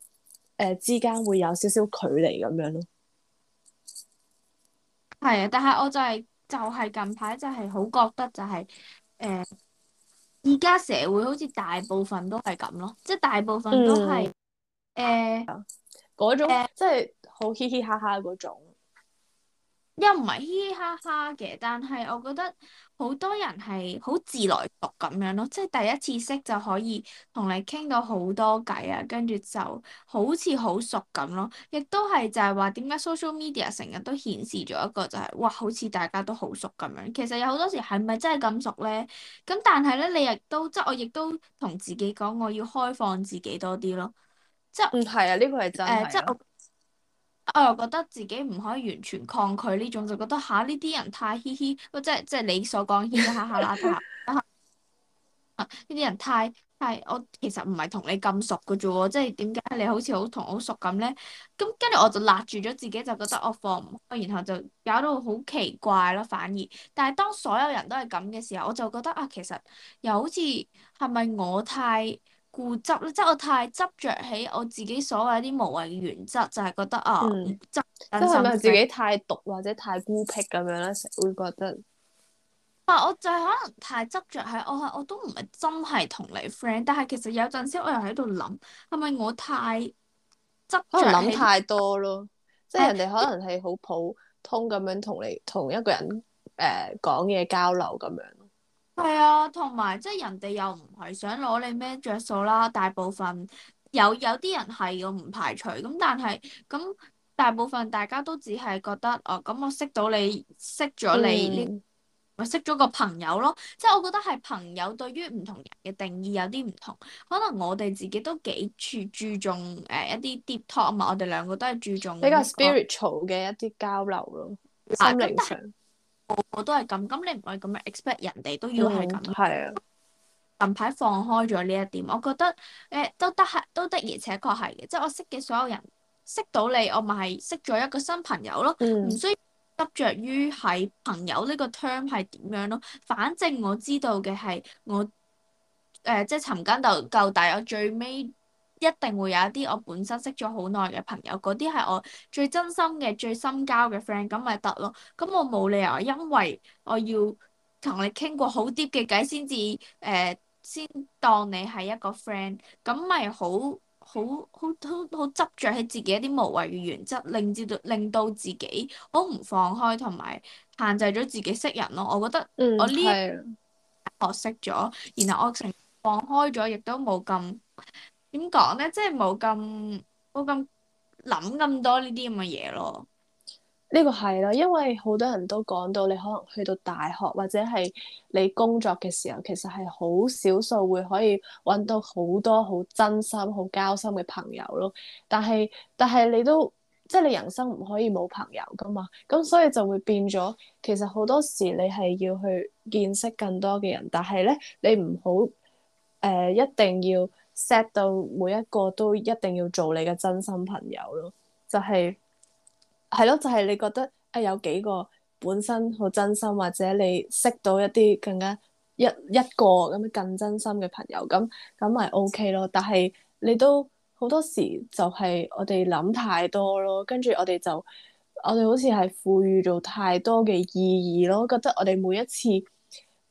[SPEAKER 2] 呃、之間會有少少距離咁樣咯。
[SPEAKER 1] 係啊，但係我就係、是，就係、是、近排就係好覺得就係、是，誒、呃，而家社會好似大部分都係咁咯，即係大部分都係，誒嗰、嗯呃、種、呃、即係。好嘻嘻哈哈嗰種，又唔係嘻嘻哈哈嘅，但係我覺得好多人係好自來熟咁樣咯，即係第一次識就可以同你傾到好多偈啊，跟住就好似好熟咁咯。亦都係就係話點解 social media 成日都顯示咗一個就係，哇，好似大家都好熟咁樣。其實有好多時係咪真係咁熟咧？咁但係咧，你亦都即係我亦都同自己講，我要開放自己多啲咯。即係唔係啊？呢個係就誒，即係我。啊、我又覺得自己唔可以完全抗拒呢種，就覺得嚇呢啲人太嘻嘻，即係即係你所講嘻嘻嘻哈哈啦，哈哈！呢啲人太太，我其實唔係同你咁熟嘅啫喎，即係點解你好似好同我熟咁咧？咁跟住我就勒住咗自己，就覺得我放唔開，然後就搞到好奇怪咯。反而，但係當所有人都係咁嘅時候，我就覺得啊，其實又好似係咪我太？固執咧，即係我太執着起我自己所謂啲無謂嘅原則，就係覺得，嗯，啊執，即係咪自己太獨或者太孤僻咁樣咧，成日會覺得？唔係，啊，我就係可能太執着喺我我都唔係真係同你 friend，但係其實有陣時我又喺度諗，係咪我太執着？可能諗太多
[SPEAKER 2] 咯，啊，即係人哋可能係好普通咁樣同你同一個人誒，呃，講嘢交流咁樣。
[SPEAKER 1] 係啊，同埋即係人哋又唔係想攞你咩着數啦，大部分有有啲人係我唔排除，咁但係咁大部分大家都只係覺得哦，咁我識到你，識咗你呢，嗯、識咗個朋友咯。即、就、係、是、我覺得係朋友對於唔同人嘅定義有啲唔同，可能我哋自己都幾注注重誒一啲 deep talk 啊嘛，我哋兩個都係注重比較 spiritual 嘅一啲交流咯，心靈上。我都係咁，咁你唔可以咁樣 expect 人哋都要係咁。係啊、嗯。近排放開咗呢一點，我覺得誒、呃、都得係，都得而且確係嘅。即係我識嘅所有人，識到你，我咪係識咗一個新朋友咯。唔、嗯、需要執着於喺朋友呢個 term 係點樣咯，反正我知道嘅係我誒、呃，即係尋間度夠大，我最尾。一定會有一啲我本身識咗好耐嘅朋友，嗰啲係我最真心嘅、最深交嘅 friend，咁咪得咯。咁我冇理由因為我要同你傾過好 deep 嘅偈先至誒，先當你係一個 friend，咁咪好好好好好執著喺自己一啲無謂嘅原則，令至令到自己好唔放開，同埋限制咗自己識人咯。我覺得我呢、這、學、個嗯、識咗，然後我成放開咗，亦都冇咁。點講咧？即係冇咁冇咁諗咁多呢啲咁嘅嘢咯。
[SPEAKER 2] 呢個係咯、啊，因為好多人都講到，你可能去到大學或者係你工作嘅時候，其實係好少數會可以搵到好多好真心、好交心嘅朋友咯。但係但係你都即係、就是、你人生唔可以冇朋友㗎嘛，咁所以就會變咗，其實好多時你係要去見識更多嘅人，但係咧你唔好誒，一定要。set 到每一個都一定要做你嘅真心朋友咯，就係係咯，就係、是、你覺得啊、哎、有幾個本身好真心，或者你識到一啲更加一一,一個咁樣更真心嘅朋友，咁咁咪 OK 咯。但係你都好多時就係我哋諗太多咯，跟住我哋就我哋好似係賦予咗太多嘅意義咯，覺得我哋每一次誒、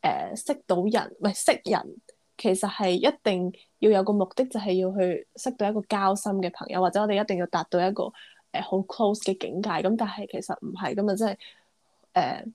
[SPEAKER 2] 呃、識到人，唔係識人。其實係一定要有個目的，就係要去識到一個交心嘅朋友，或者我哋一定要達到一個誒好 close 嘅境界。咁但係其實唔係噶嘛，咁啊即係誒，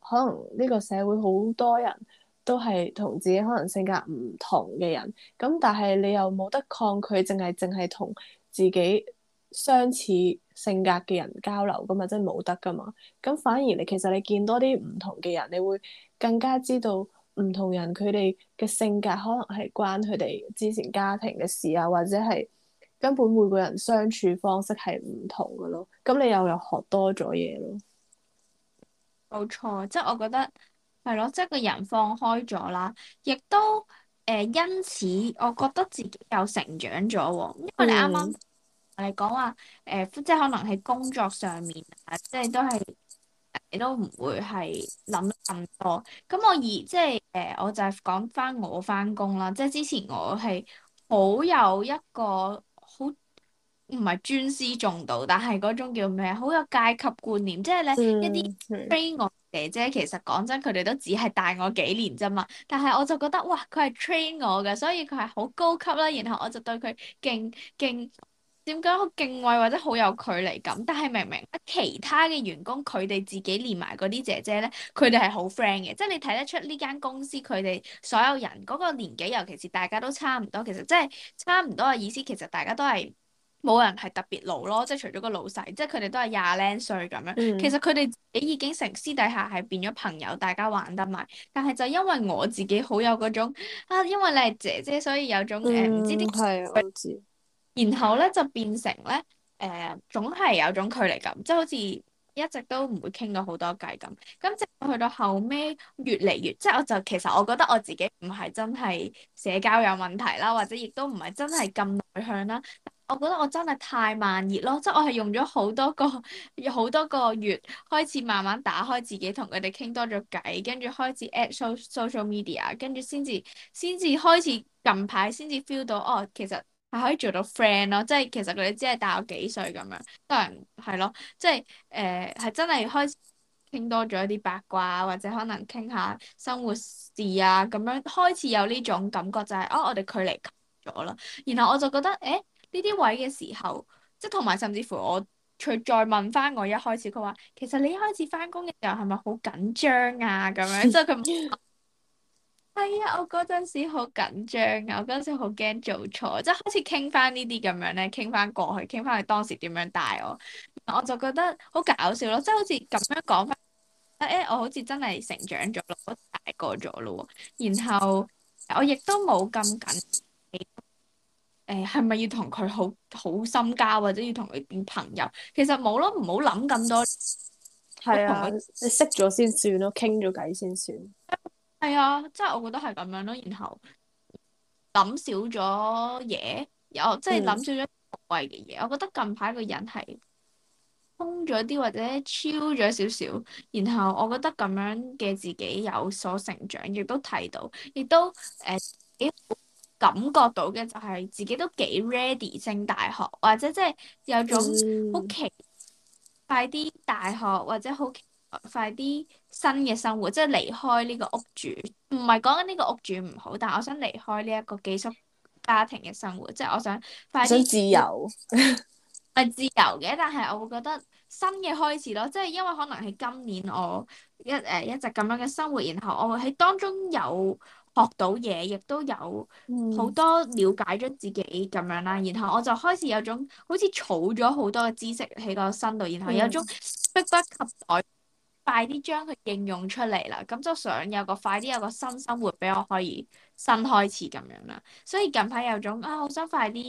[SPEAKER 2] 可能呢個社會好多人都係同自己可能性格唔同嘅人，咁但係你又冇得抗拒，淨係淨係同自己相似性格嘅人交流噶嘛，真係冇得噶嘛。咁反而你其實你見多啲唔同嘅人，你會更加知道。唔同人佢哋嘅性格可能係關佢哋之前家庭嘅事啊，或者係根本每個人相處方式係唔同嘅咯。咁你又又學多咗嘢咯？
[SPEAKER 1] 冇錯，即係我覺得係咯，即係個人放開咗啦，亦都誒、呃、因此，我覺得自己又成長咗喎。因為你啱啱嚟講話誒，嗯、即係可能喺工作上面啊，即係都係。你都唔會係諗咁多，咁我而即係誒，我就係講翻我翻工啦。即係之前我係好有一個好唔係尊師重道，但係嗰種叫咩？好有階級觀念，即係咧、嗯、一啲 train 我姐姐、嗯，其實講真，佢哋都只係大我幾年咋嘛。但係我就覺得哇，佢係 train 我嘅，所以佢係好高級啦。然後我就對佢勁勁。點解好敬畏或者好有距離感，但係明明其他嘅員工佢哋自己連埋嗰啲姐姐咧，佢哋係好 friend 嘅，即係你睇得出呢間公司佢哋所有人嗰個年紀，尤其是大家都差唔多，其實即係差唔多嘅意思，其實大家都係冇人係特別老咯，即係除咗個老細，即係佢哋都係廿零歲咁樣。Mm hmm. 其實佢哋已已經喺私底下係變咗朋友，大家玩得埋。但係就因為我自己好有嗰種啊，因為你係姐姐，所以有種誒唔知啲然後咧就變成咧，誒、呃、總係有種距離感，即係好似一直都唔會傾到好多偈咁。咁直到去到後尾，越嚟越，即係我就其實我覺得我自己唔係真係社交有問題啦，或者亦都唔係真係咁內向啦。我覺得我真係太慢熱咯，即係我係用咗好多個好多個月開始慢慢打開自己，同佢哋傾多咗偈，跟住開始 at social media，跟住先至先至開始近排先至 feel 到哦，其實。係、啊、可以做到 friend 咯、啊，即係其實佢哋只係大我幾歲咁樣，可能係咯，即係誒係真係開始傾多咗一啲八卦或者可能傾下生活事啊，咁樣、啊，開始有呢種感覺就係、是、哦、啊，我哋距離近咗啦。然後我就覺得誒呢啲位嘅時候，即係同埋甚至乎我再再問翻我一開始佢話，其實你一開始翻工嘅時候係咪好緊張啊，咁樣，即係佢。係啊、哎！我嗰陣時好緊張啊！我嗰陣時好驚做錯，即係好似傾翻呢啲咁樣咧，傾翻過去，傾翻佢當時點樣帶我，我就覺得好搞笑咯！即係好似咁樣講翻，誒、哎，我好似真係成長咗咯，大個咗咯喎。然後我亦都冇咁緊誒，係、呃、咪要同佢好好深交，或者要同佢變朋友？其實冇咯，唔好諗咁多。係啊，他你
[SPEAKER 2] 識咗先算咯，傾咗偈先算。
[SPEAKER 1] 係啊，即係我覺得係咁樣咯，然後諗少咗嘢，又即係諗少咗貴嘅嘢。我覺得近排個人係空咗啲或者超咗少少，然後我覺得咁樣嘅自己有所成長，亦都睇到，亦都誒幾、呃、感覺到嘅就係自己都幾 ready 升大學，或者即係有種好奇快啲、嗯、大學或者好奇快啲。新嘅生活，即係離開呢個屋主，唔係講緊呢個屋主唔好，但係我想離開呢一個寄宿家庭嘅生活，即係我想快啲。我想自由。係 [LAUGHS] 自由嘅，但係我會覺得新嘅開始咯，即係因為可能喺今年我一誒一直咁樣嘅生活，然後我喺當中有學到嘢，亦都有好多了解咗自己咁樣啦，嗯、然後我就開始有種好似儲咗好多嘅知識喺個身度，然後有種、嗯、迫不及待。快啲將佢應用出嚟啦，咁就想有個快啲有個新生活俾我可以新開始咁樣啦。所以近排有種啊，我想快啲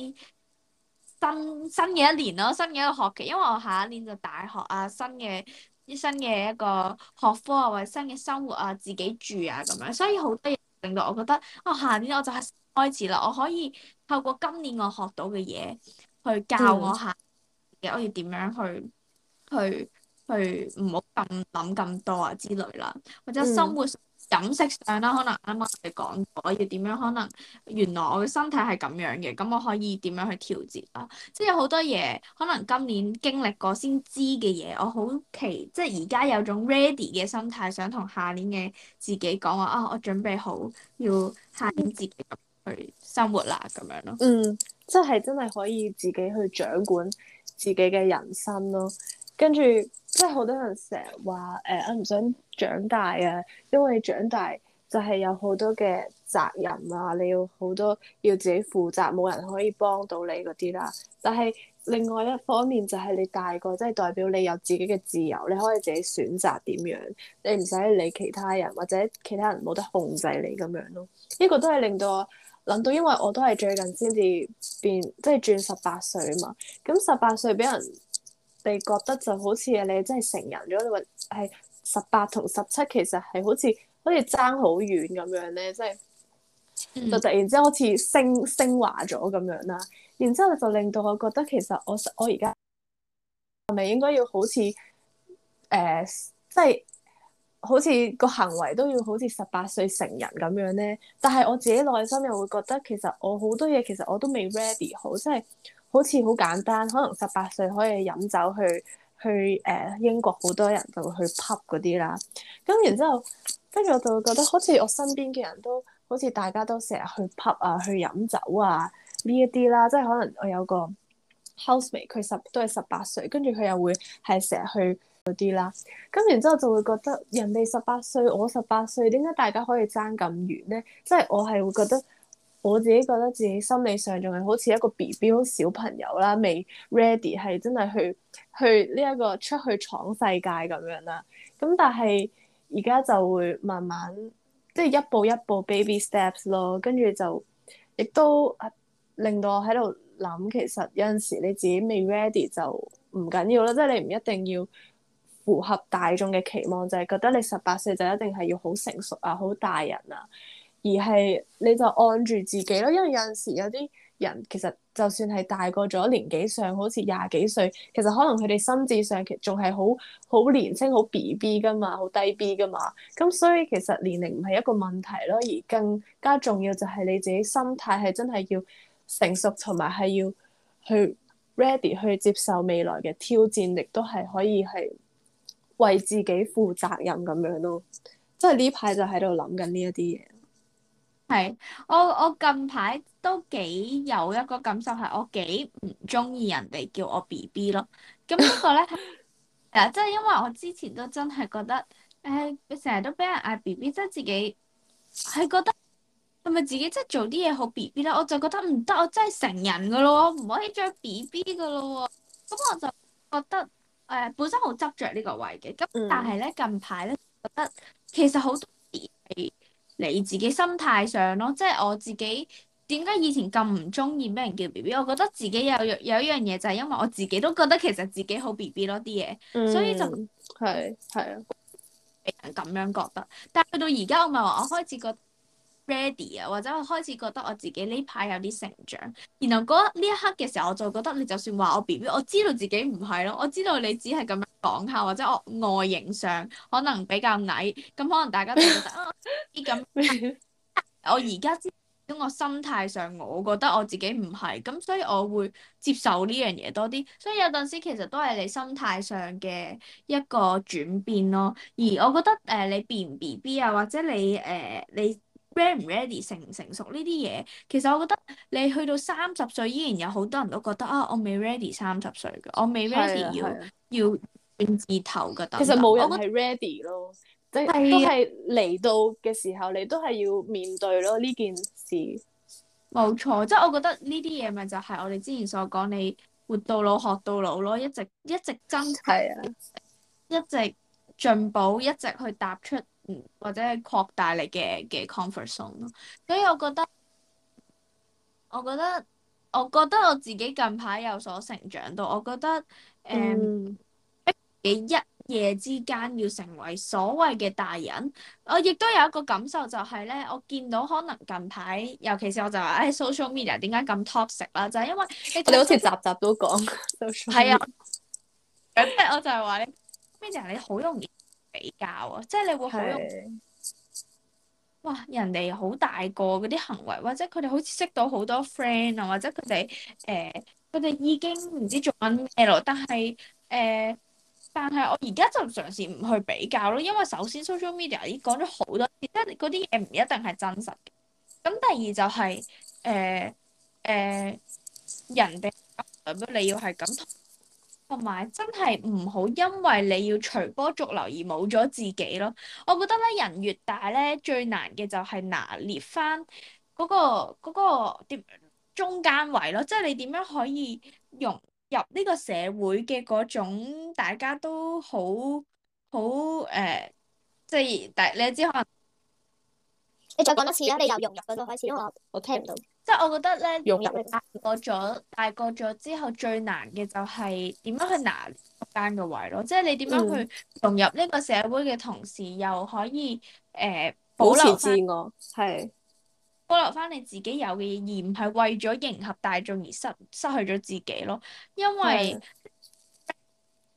[SPEAKER 1] 新新嘅一年咯，新嘅一個學期，因為我下一年就大學啊，新嘅一新嘅一個學科啊，或者新嘅生活啊，自己住啊咁樣，所以好多嘢令到我覺得，我、啊、下年我就係開始啦，我可以透過今年我學到嘅嘢去教我下嘢，嗯、我要點樣去去。去唔好咁諗咁多啊之類啦，或者生活飲食上啦，嗯、可能啱啱你哋講過要點樣，可能原來我嘅身體係咁樣嘅，咁我可以點樣去調節啊？即係有好多嘢，可能今年經歷過先知嘅嘢，我好奇，即係而家有種 ready 嘅心態，想同下年嘅自己講話啊，我準備好要下年自己去生活啦咁樣咯。嗯，
[SPEAKER 2] 即係真係可以自己去掌管自己嘅人生咯。跟住，即係好多人成日話誒，我唔想長大啊，因為長大就係有好多嘅責任啊，你要好多要自己負責，冇人可以幫到你嗰啲啦。但係另外一方面就係你大個，即係代表你有自己嘅自由，你可以自己選擇點樣，你唔使理其他人或者其他人冇得控制你咁樣咯。呢個都係令到我諗到，因為我都係最近先至變，即係轉十八歲啊嘛。咁十八歲俾人，你覺得就好似你真係成人咗，你話係十八同十七，其實係好似好似爭好遠咁樣咧，即係就突然之間好似升升華咗咁樣啦。然之後就令到我覺得其實我我而家係咪應該要好似誒，即係好似個行為都要好似十八歲成人咁樣咧？但係我自己內心又會覺得其實我好多嘢其實我都未 ready 好，即係。好似好簡單，可能十八歲可以飲酒去去誒、呃、英國，好多人就會去 pub 嗰啲啦。咁然之後，跟住我就會覺得好似我身邊嘅人都好似大家都成日去 pub 啊，去飲酒啊呢一啲啦。即係可能我有個 housemate，佢十都係十八歲，跟住佢又會係成日去嗰啲啦。咁然之後就會覺得人哋十八歲，我十八歲，點解大家可以爭咁遠咧？即係我係會覺得。我自己覺得自己心理上仲係好似一個 BB 小朋友啦，未 ready 係真係去去呢、這、一個出去闖世界咁樣啦。咁但係而家就會慢慢即係、就是、一步一步 baby steps 咯。跟住就亦都令到我喺度諗，其實有陣時你自己未 ready 就唔緊要啦，即、就、係、是、你唔一定要符合大眾嘅期望，就係、是、覺得你十八歲就一定係要好成熟啊，好大人啊。而係你就按住自己咯，因為有陣時有啲人其實就算係大過咗年紀上，好似廿幾歲，其實可能佢哋心智上其仲係好好年輕，好 B B 㗎嘛，好低 B 㗎嘛。咁所以其實年齡唔係一個問題咯，而更加重要就係你自己心態係真係要成熟，同埋係要去 ready 去接受未來嘅挑戰，亦都係可以係為自己負責任咁樣咯。即係呢排就喺度諗緊呢一啲嘢。
[SPEAKER 1] 係，我我近排都幾有一個感受，係我幾唔中意人哋叫我 B B 咯。咁不過咧，誒，即係因為我之前都真係覺得，誒、呃，佢成日都俾人嗌 B B，即係自己，係覺得係咪自己即係做啲嘢好 B B 咧？我就覺得唔得，我真係成人噶咯，唔可以着 B B 噶咯。咁我就覺得，誒、呃，本身好執着呢個位嘅。咁但係咧近排咧覺得，其實好多時係。你自己心態上咯，即係我自己點解以前咁唔中意俾人叫 B B？我覺得自己有有一樣嘢，就係因為我自己都覺得其實自己好 B B 咯，啲嘢，嗯、所以就係係啊俾人咁樣覺得，但去到而家我咪話我開始覺。ready 啊，或者我開始覺得我自己呢排有啲成長，然後嗰呢一刻嘅時候，我就覺得你就算話我 B B，我知道自己唔係咯，我知道你只係咁樣講下，或者我外形上可能比較矮，咁可能大家都覺得 [LAUGHS] 啊啲咁。我而家知，我心態上，我覺得我自己唔係，咁所以我會接受呢樣嘢多啲。所以有陣時其實都係你心態上嘅一個轉變咯。而我覺得誒、呃，你 b 唔 B B 啊，或者你誒、呃、你。ready 唔 ready 成唔成熟呢啲嘢，其實我覺得你去到三十歲，依然有好多人都覺得啊，我未 ready 三十歲㗎，我未 ready 的要的要轉字頭㗎。其實冇人係 ready 咯，你
[SPEAKER 2] 都係嚟到嘅時候，你都係要面對咯呢的件事。
[SPEAKER 1] 冇錯，即係我覺得呢啲嘢咪就係我哋之前所講，你活到老學到老咯，一直一直爭，的一直進步，一直去踏出。嗯，或者係擴大你嘅嘅 comfort zone 咯，所以我覺得，我覺得，我覺得我自己近排有所成長到，我覺得，誒、嗯，你、嗯、一夜之間要成為所謂嘅大人，我亦都有一個感受就係咧，我見到可能近排，尤其是我就話，誒，social media 點解咁 toxic 啦？就係、是、因為你 toxic，你好似集集都講，係啊，咁即我就係話咧，media 你好容易。比較啊，即係你會好的哇，人哋好大個嗰啲行為，或者佢哋好似識到好多 friend 啊，或者佢哋誒，佢、呃、哋已經唔知做緊咩咯。但係誒、呃，但係我而家就嘗試唔去比較咯，因為首先 social media 已經講咗好多次，即係嗰啲嘢唔一定係真實嘅。咁第二就係誒誒，人哋，除非你要係咁。同埋真係唔好，因為你要隨波逐流而冇咗自己咯。我覺得咧，人越大咧，最難嘅就係拿捏翻嗰個嗰個點中間位咯。即係你點樣可以融入呢個社會嘅嗰種大家都好好誒，即係大你知可能你再講多次啦，你又融入嗰個開始，因為我聽唔到。即係我覺得咧，融入有大個咗，大個咗之後最難嘅就係點樣去拿捏個位咯，即係你點樣去融入呢個社會嘅同時，嗯、又可以誒、呃、保留保持自我，係保留翻你自己有嘅嘢，而唔係為咗迎合大眾而失失去咗自己咯，因為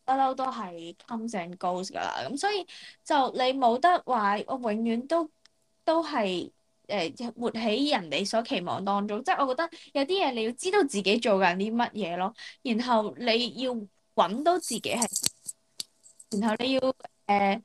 [SPEAKER 1] 不嬲、嗯、都係 comes and goes 㗎啦，咁所以就你冇得話，我永遠都都係。誒、呃、活喺人哋所期望當中，即係我覺得有啲嘢你要知道自己做緊啲乜嘢咯，然後你要搵到自己係，然後你要誒、呃，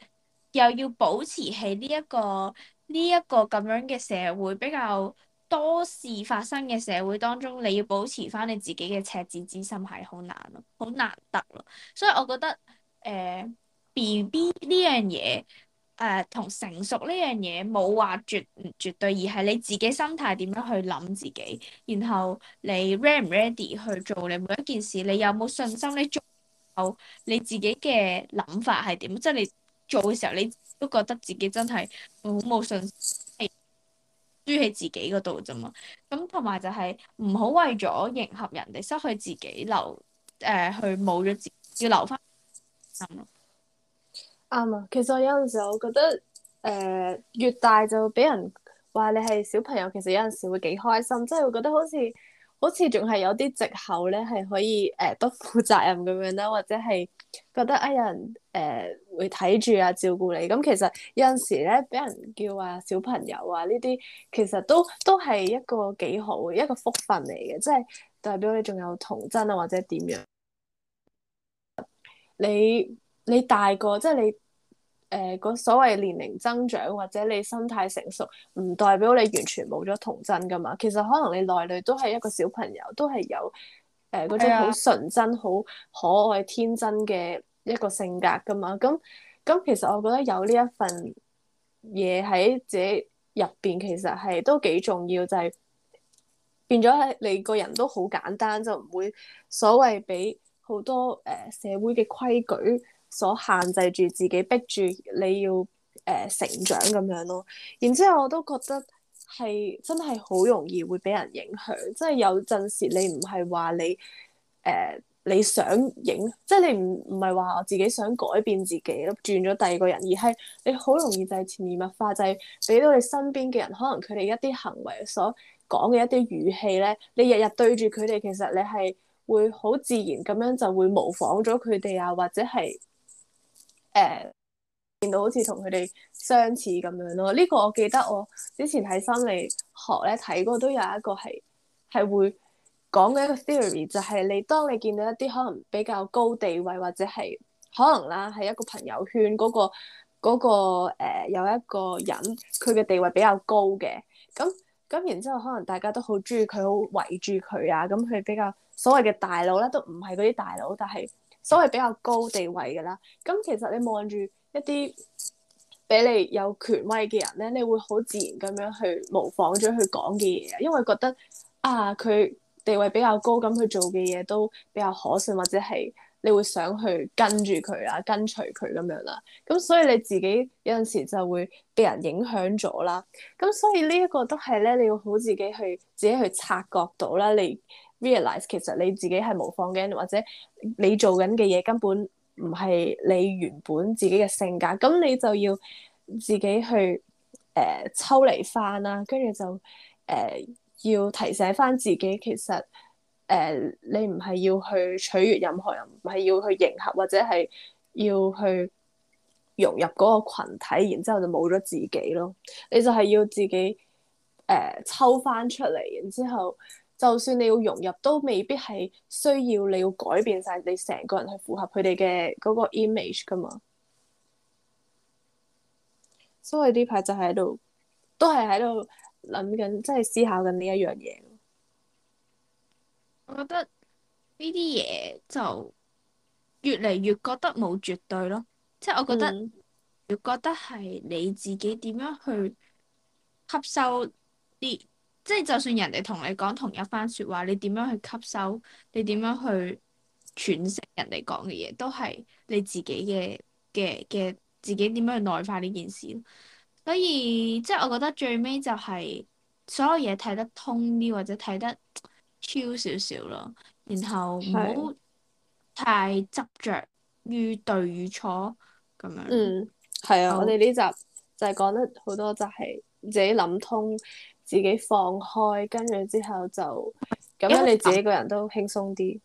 [SPEAKER 1] 又要保持喺呢一個呢一個咁樣嘅社會比較多事發生嘅社會當中，你要保持翻你自己嘅赤子之心係好難咯，好難得咯，所以我覺得誒、呃、BB 呢樣嘢。誒、呃、同成熟呢樣嘢冇話絕唔絕對，而係你自己心態點樣去諗自己，然後你 ready 唔 ready 去做你每一件事，你有冇信心？你做有你自己嘅諗法係點？即係你做嘅時候，你都覺得自己真係好冇信心，輸喺自己嗰度啫嘛。咁同埋就係唔好為咗迎合人哋，失去自己留誒、呃、去冇咗自己，要留翻心咯。
[SPEAKER 2] 啱啊，其實我有陣時候我覺得，誒，越大就俾人話你係小朋友，其實有陣時會幾開心，即係會覺得好似好似仲係有啲借口咧，係可以誒不負責任咁樣啦，或者係覺得啊有人誒會睇住啊照顧你，咁其實有陣時咧俾人叫話小朋友啊呢啲，其實都都係一個幾好嘅一個福分嚟嘅，即係代表你仲有童真啊，或者點樣？你你大個，即係你。誒、呃、所謂年齡增長或者你心態成熟，唔代表你完全冇咗童真噶嘛。其實可能你內裏都係一個小朋友，都係有誒嗰、呃、種好純真、好可愛、天真嘅一個性格噶嘛。咁咁其實我覺得有呢一份嘢喺自己入邊，其實係都幾重要，就係、是、變咗係你個人都好簡單，就唔會所謂俾好多誒、呃、社會嘅規矩，所限制住自己，逼住你要誒成長咁樣咯。然之後我都覺得係真係好容易會俾人影響，即係有陣時你唔係話你誒你想影，即係你唔唔係話我自己想改變自己咯，轉咗第二個人，而係你好容易就係潛移默化，就係俾到你身邊嘅人，可能佢哋一啲行為所講嘅一啲語氣咧，你日日對住佢哋，其實你係會好自然咁樣就會模仿咗佢哋啊，或者係。誒、呃，見到好似同佢哋相似咁樣咯。呢個我記得我之前喺心理學咧睇過，都有一個係係會講嘅一個 theory，就係你當你見到一啲可能比較高地位或者係可能啦，喺一個朋友圈嗰個嗰個誒、呃，有一個人佢嘅地位比較高嘅，咁咁然之後可能大家都好中意佢，好圍住佢啊，咁佢比較所謂嘅大佬咧，都唔係嗰啲大佬，但係。所謂比較高地位嘅啦，咁其實你望住一啲俾你有權威嘅人咧，你會好自然咁樣去模仿咗佢講嘅嘢，因為覺得啊佢地位比較高，咁佢做嘅嘢都比較可信，或者係你會想去跟住佢啊，跟隨佢咁樣啦。咁所以你自己有陣時就會被人影響咗啦。咁所以呢一個都係咧，你要好自己去，自己去察覺到啦，你。realize 其實你自己係模仿嘅，或者你做緊嘅嘢根本唔係你原本自己嘅性格，咁你就要自己去誒、呃、抽離翻啦，跟住就誒、呃、要提醒翻自己，其實誒、呃、你唔係要去取悅任何人，唔係要去迎合或者係要去融入嗰個羣體，然之後就冇咗自己咯。你就係要自己誒、呃、抽翻出嚟，然之後。就算你要融入，都未必係需要你要改變晒你成個人去符合佢哋嘅嗰個 image 噶嘛。所以呢排就喺度，都係喺度諗緊，即係思考緊呢一樣嘢。
[SPEAKER 1] 我覺得呢啲嘢就越嚟越覺得冇絕對咯，即係我覺得越、嗯，覺得係你自己點樣去吸收啲。即係就算人哋同你講同一番説話，你點樣去吸收？你點樣去詮釋人哋講嘅嘢，都係你自己嘅嘅嘅自己點樣去內化呢件事。所以即係我覺得最尾就係、是、所有嘢睇得通啲或者睇得超少少咯，然後唔好太執着於對與錯咁的樣。嗯，係啊，好我哋呢
[SPEAKER 2] 集就係講得好多，就係自己諗通。自己放開，跟住之後就
[SPEAKER 1] 咁樣你自己個人都輕鬆啲，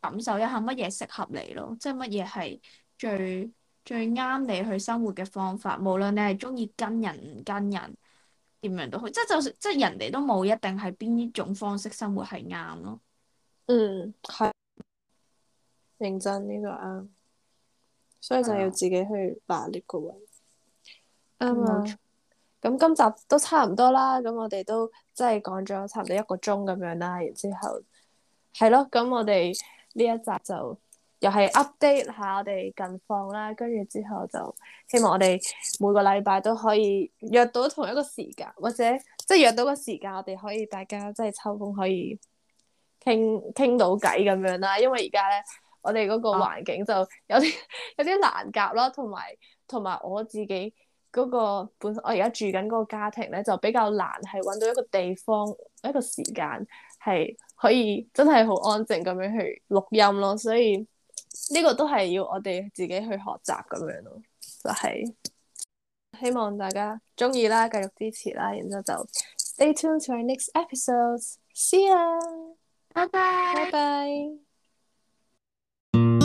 [SPEAKER 1] 感受一下乜嘢適合你咯，即係乜嘢係最最啱你去生活嘅方法。無論你係中意跟人唔跟人，點樣都好，即係就算即係人哋都冇一定係邊一種方式生活係啱咯。嗯，係，認真呢個啱，所以就要自己去揦呢個
[SPEAKER 2] 位啱。咁今集都差唔多啦，咁我哋都即係講咗差唔多一個鐘咁樣啦，然之後係咯，咁我哋呢一集就又係 update 下我哋近況啦，跟住之後就希望我哋每個禮拜都可以約到同一個時間，或者即係約到個時間，我哋可以大家即係抽空可以傾傾到偈咁樣啦。因為而家咧，我哋嗰個環境就有啲、哦、 [LAUGHS] 有啲難夾啦，同埋同埋我自己。嗰個本身，我而家住緊嗰個家庭咧，就比較難係揾到一個地方、一個時間係可以真係好安靜咁樣去錄音咯。所以呢個都係要我哋自己去學習咁樣咯。就係、是、希望大家鍾意啦，繼續支持啦。然之後就 stay tuned to my next episodes。See you！拜拜拜拜。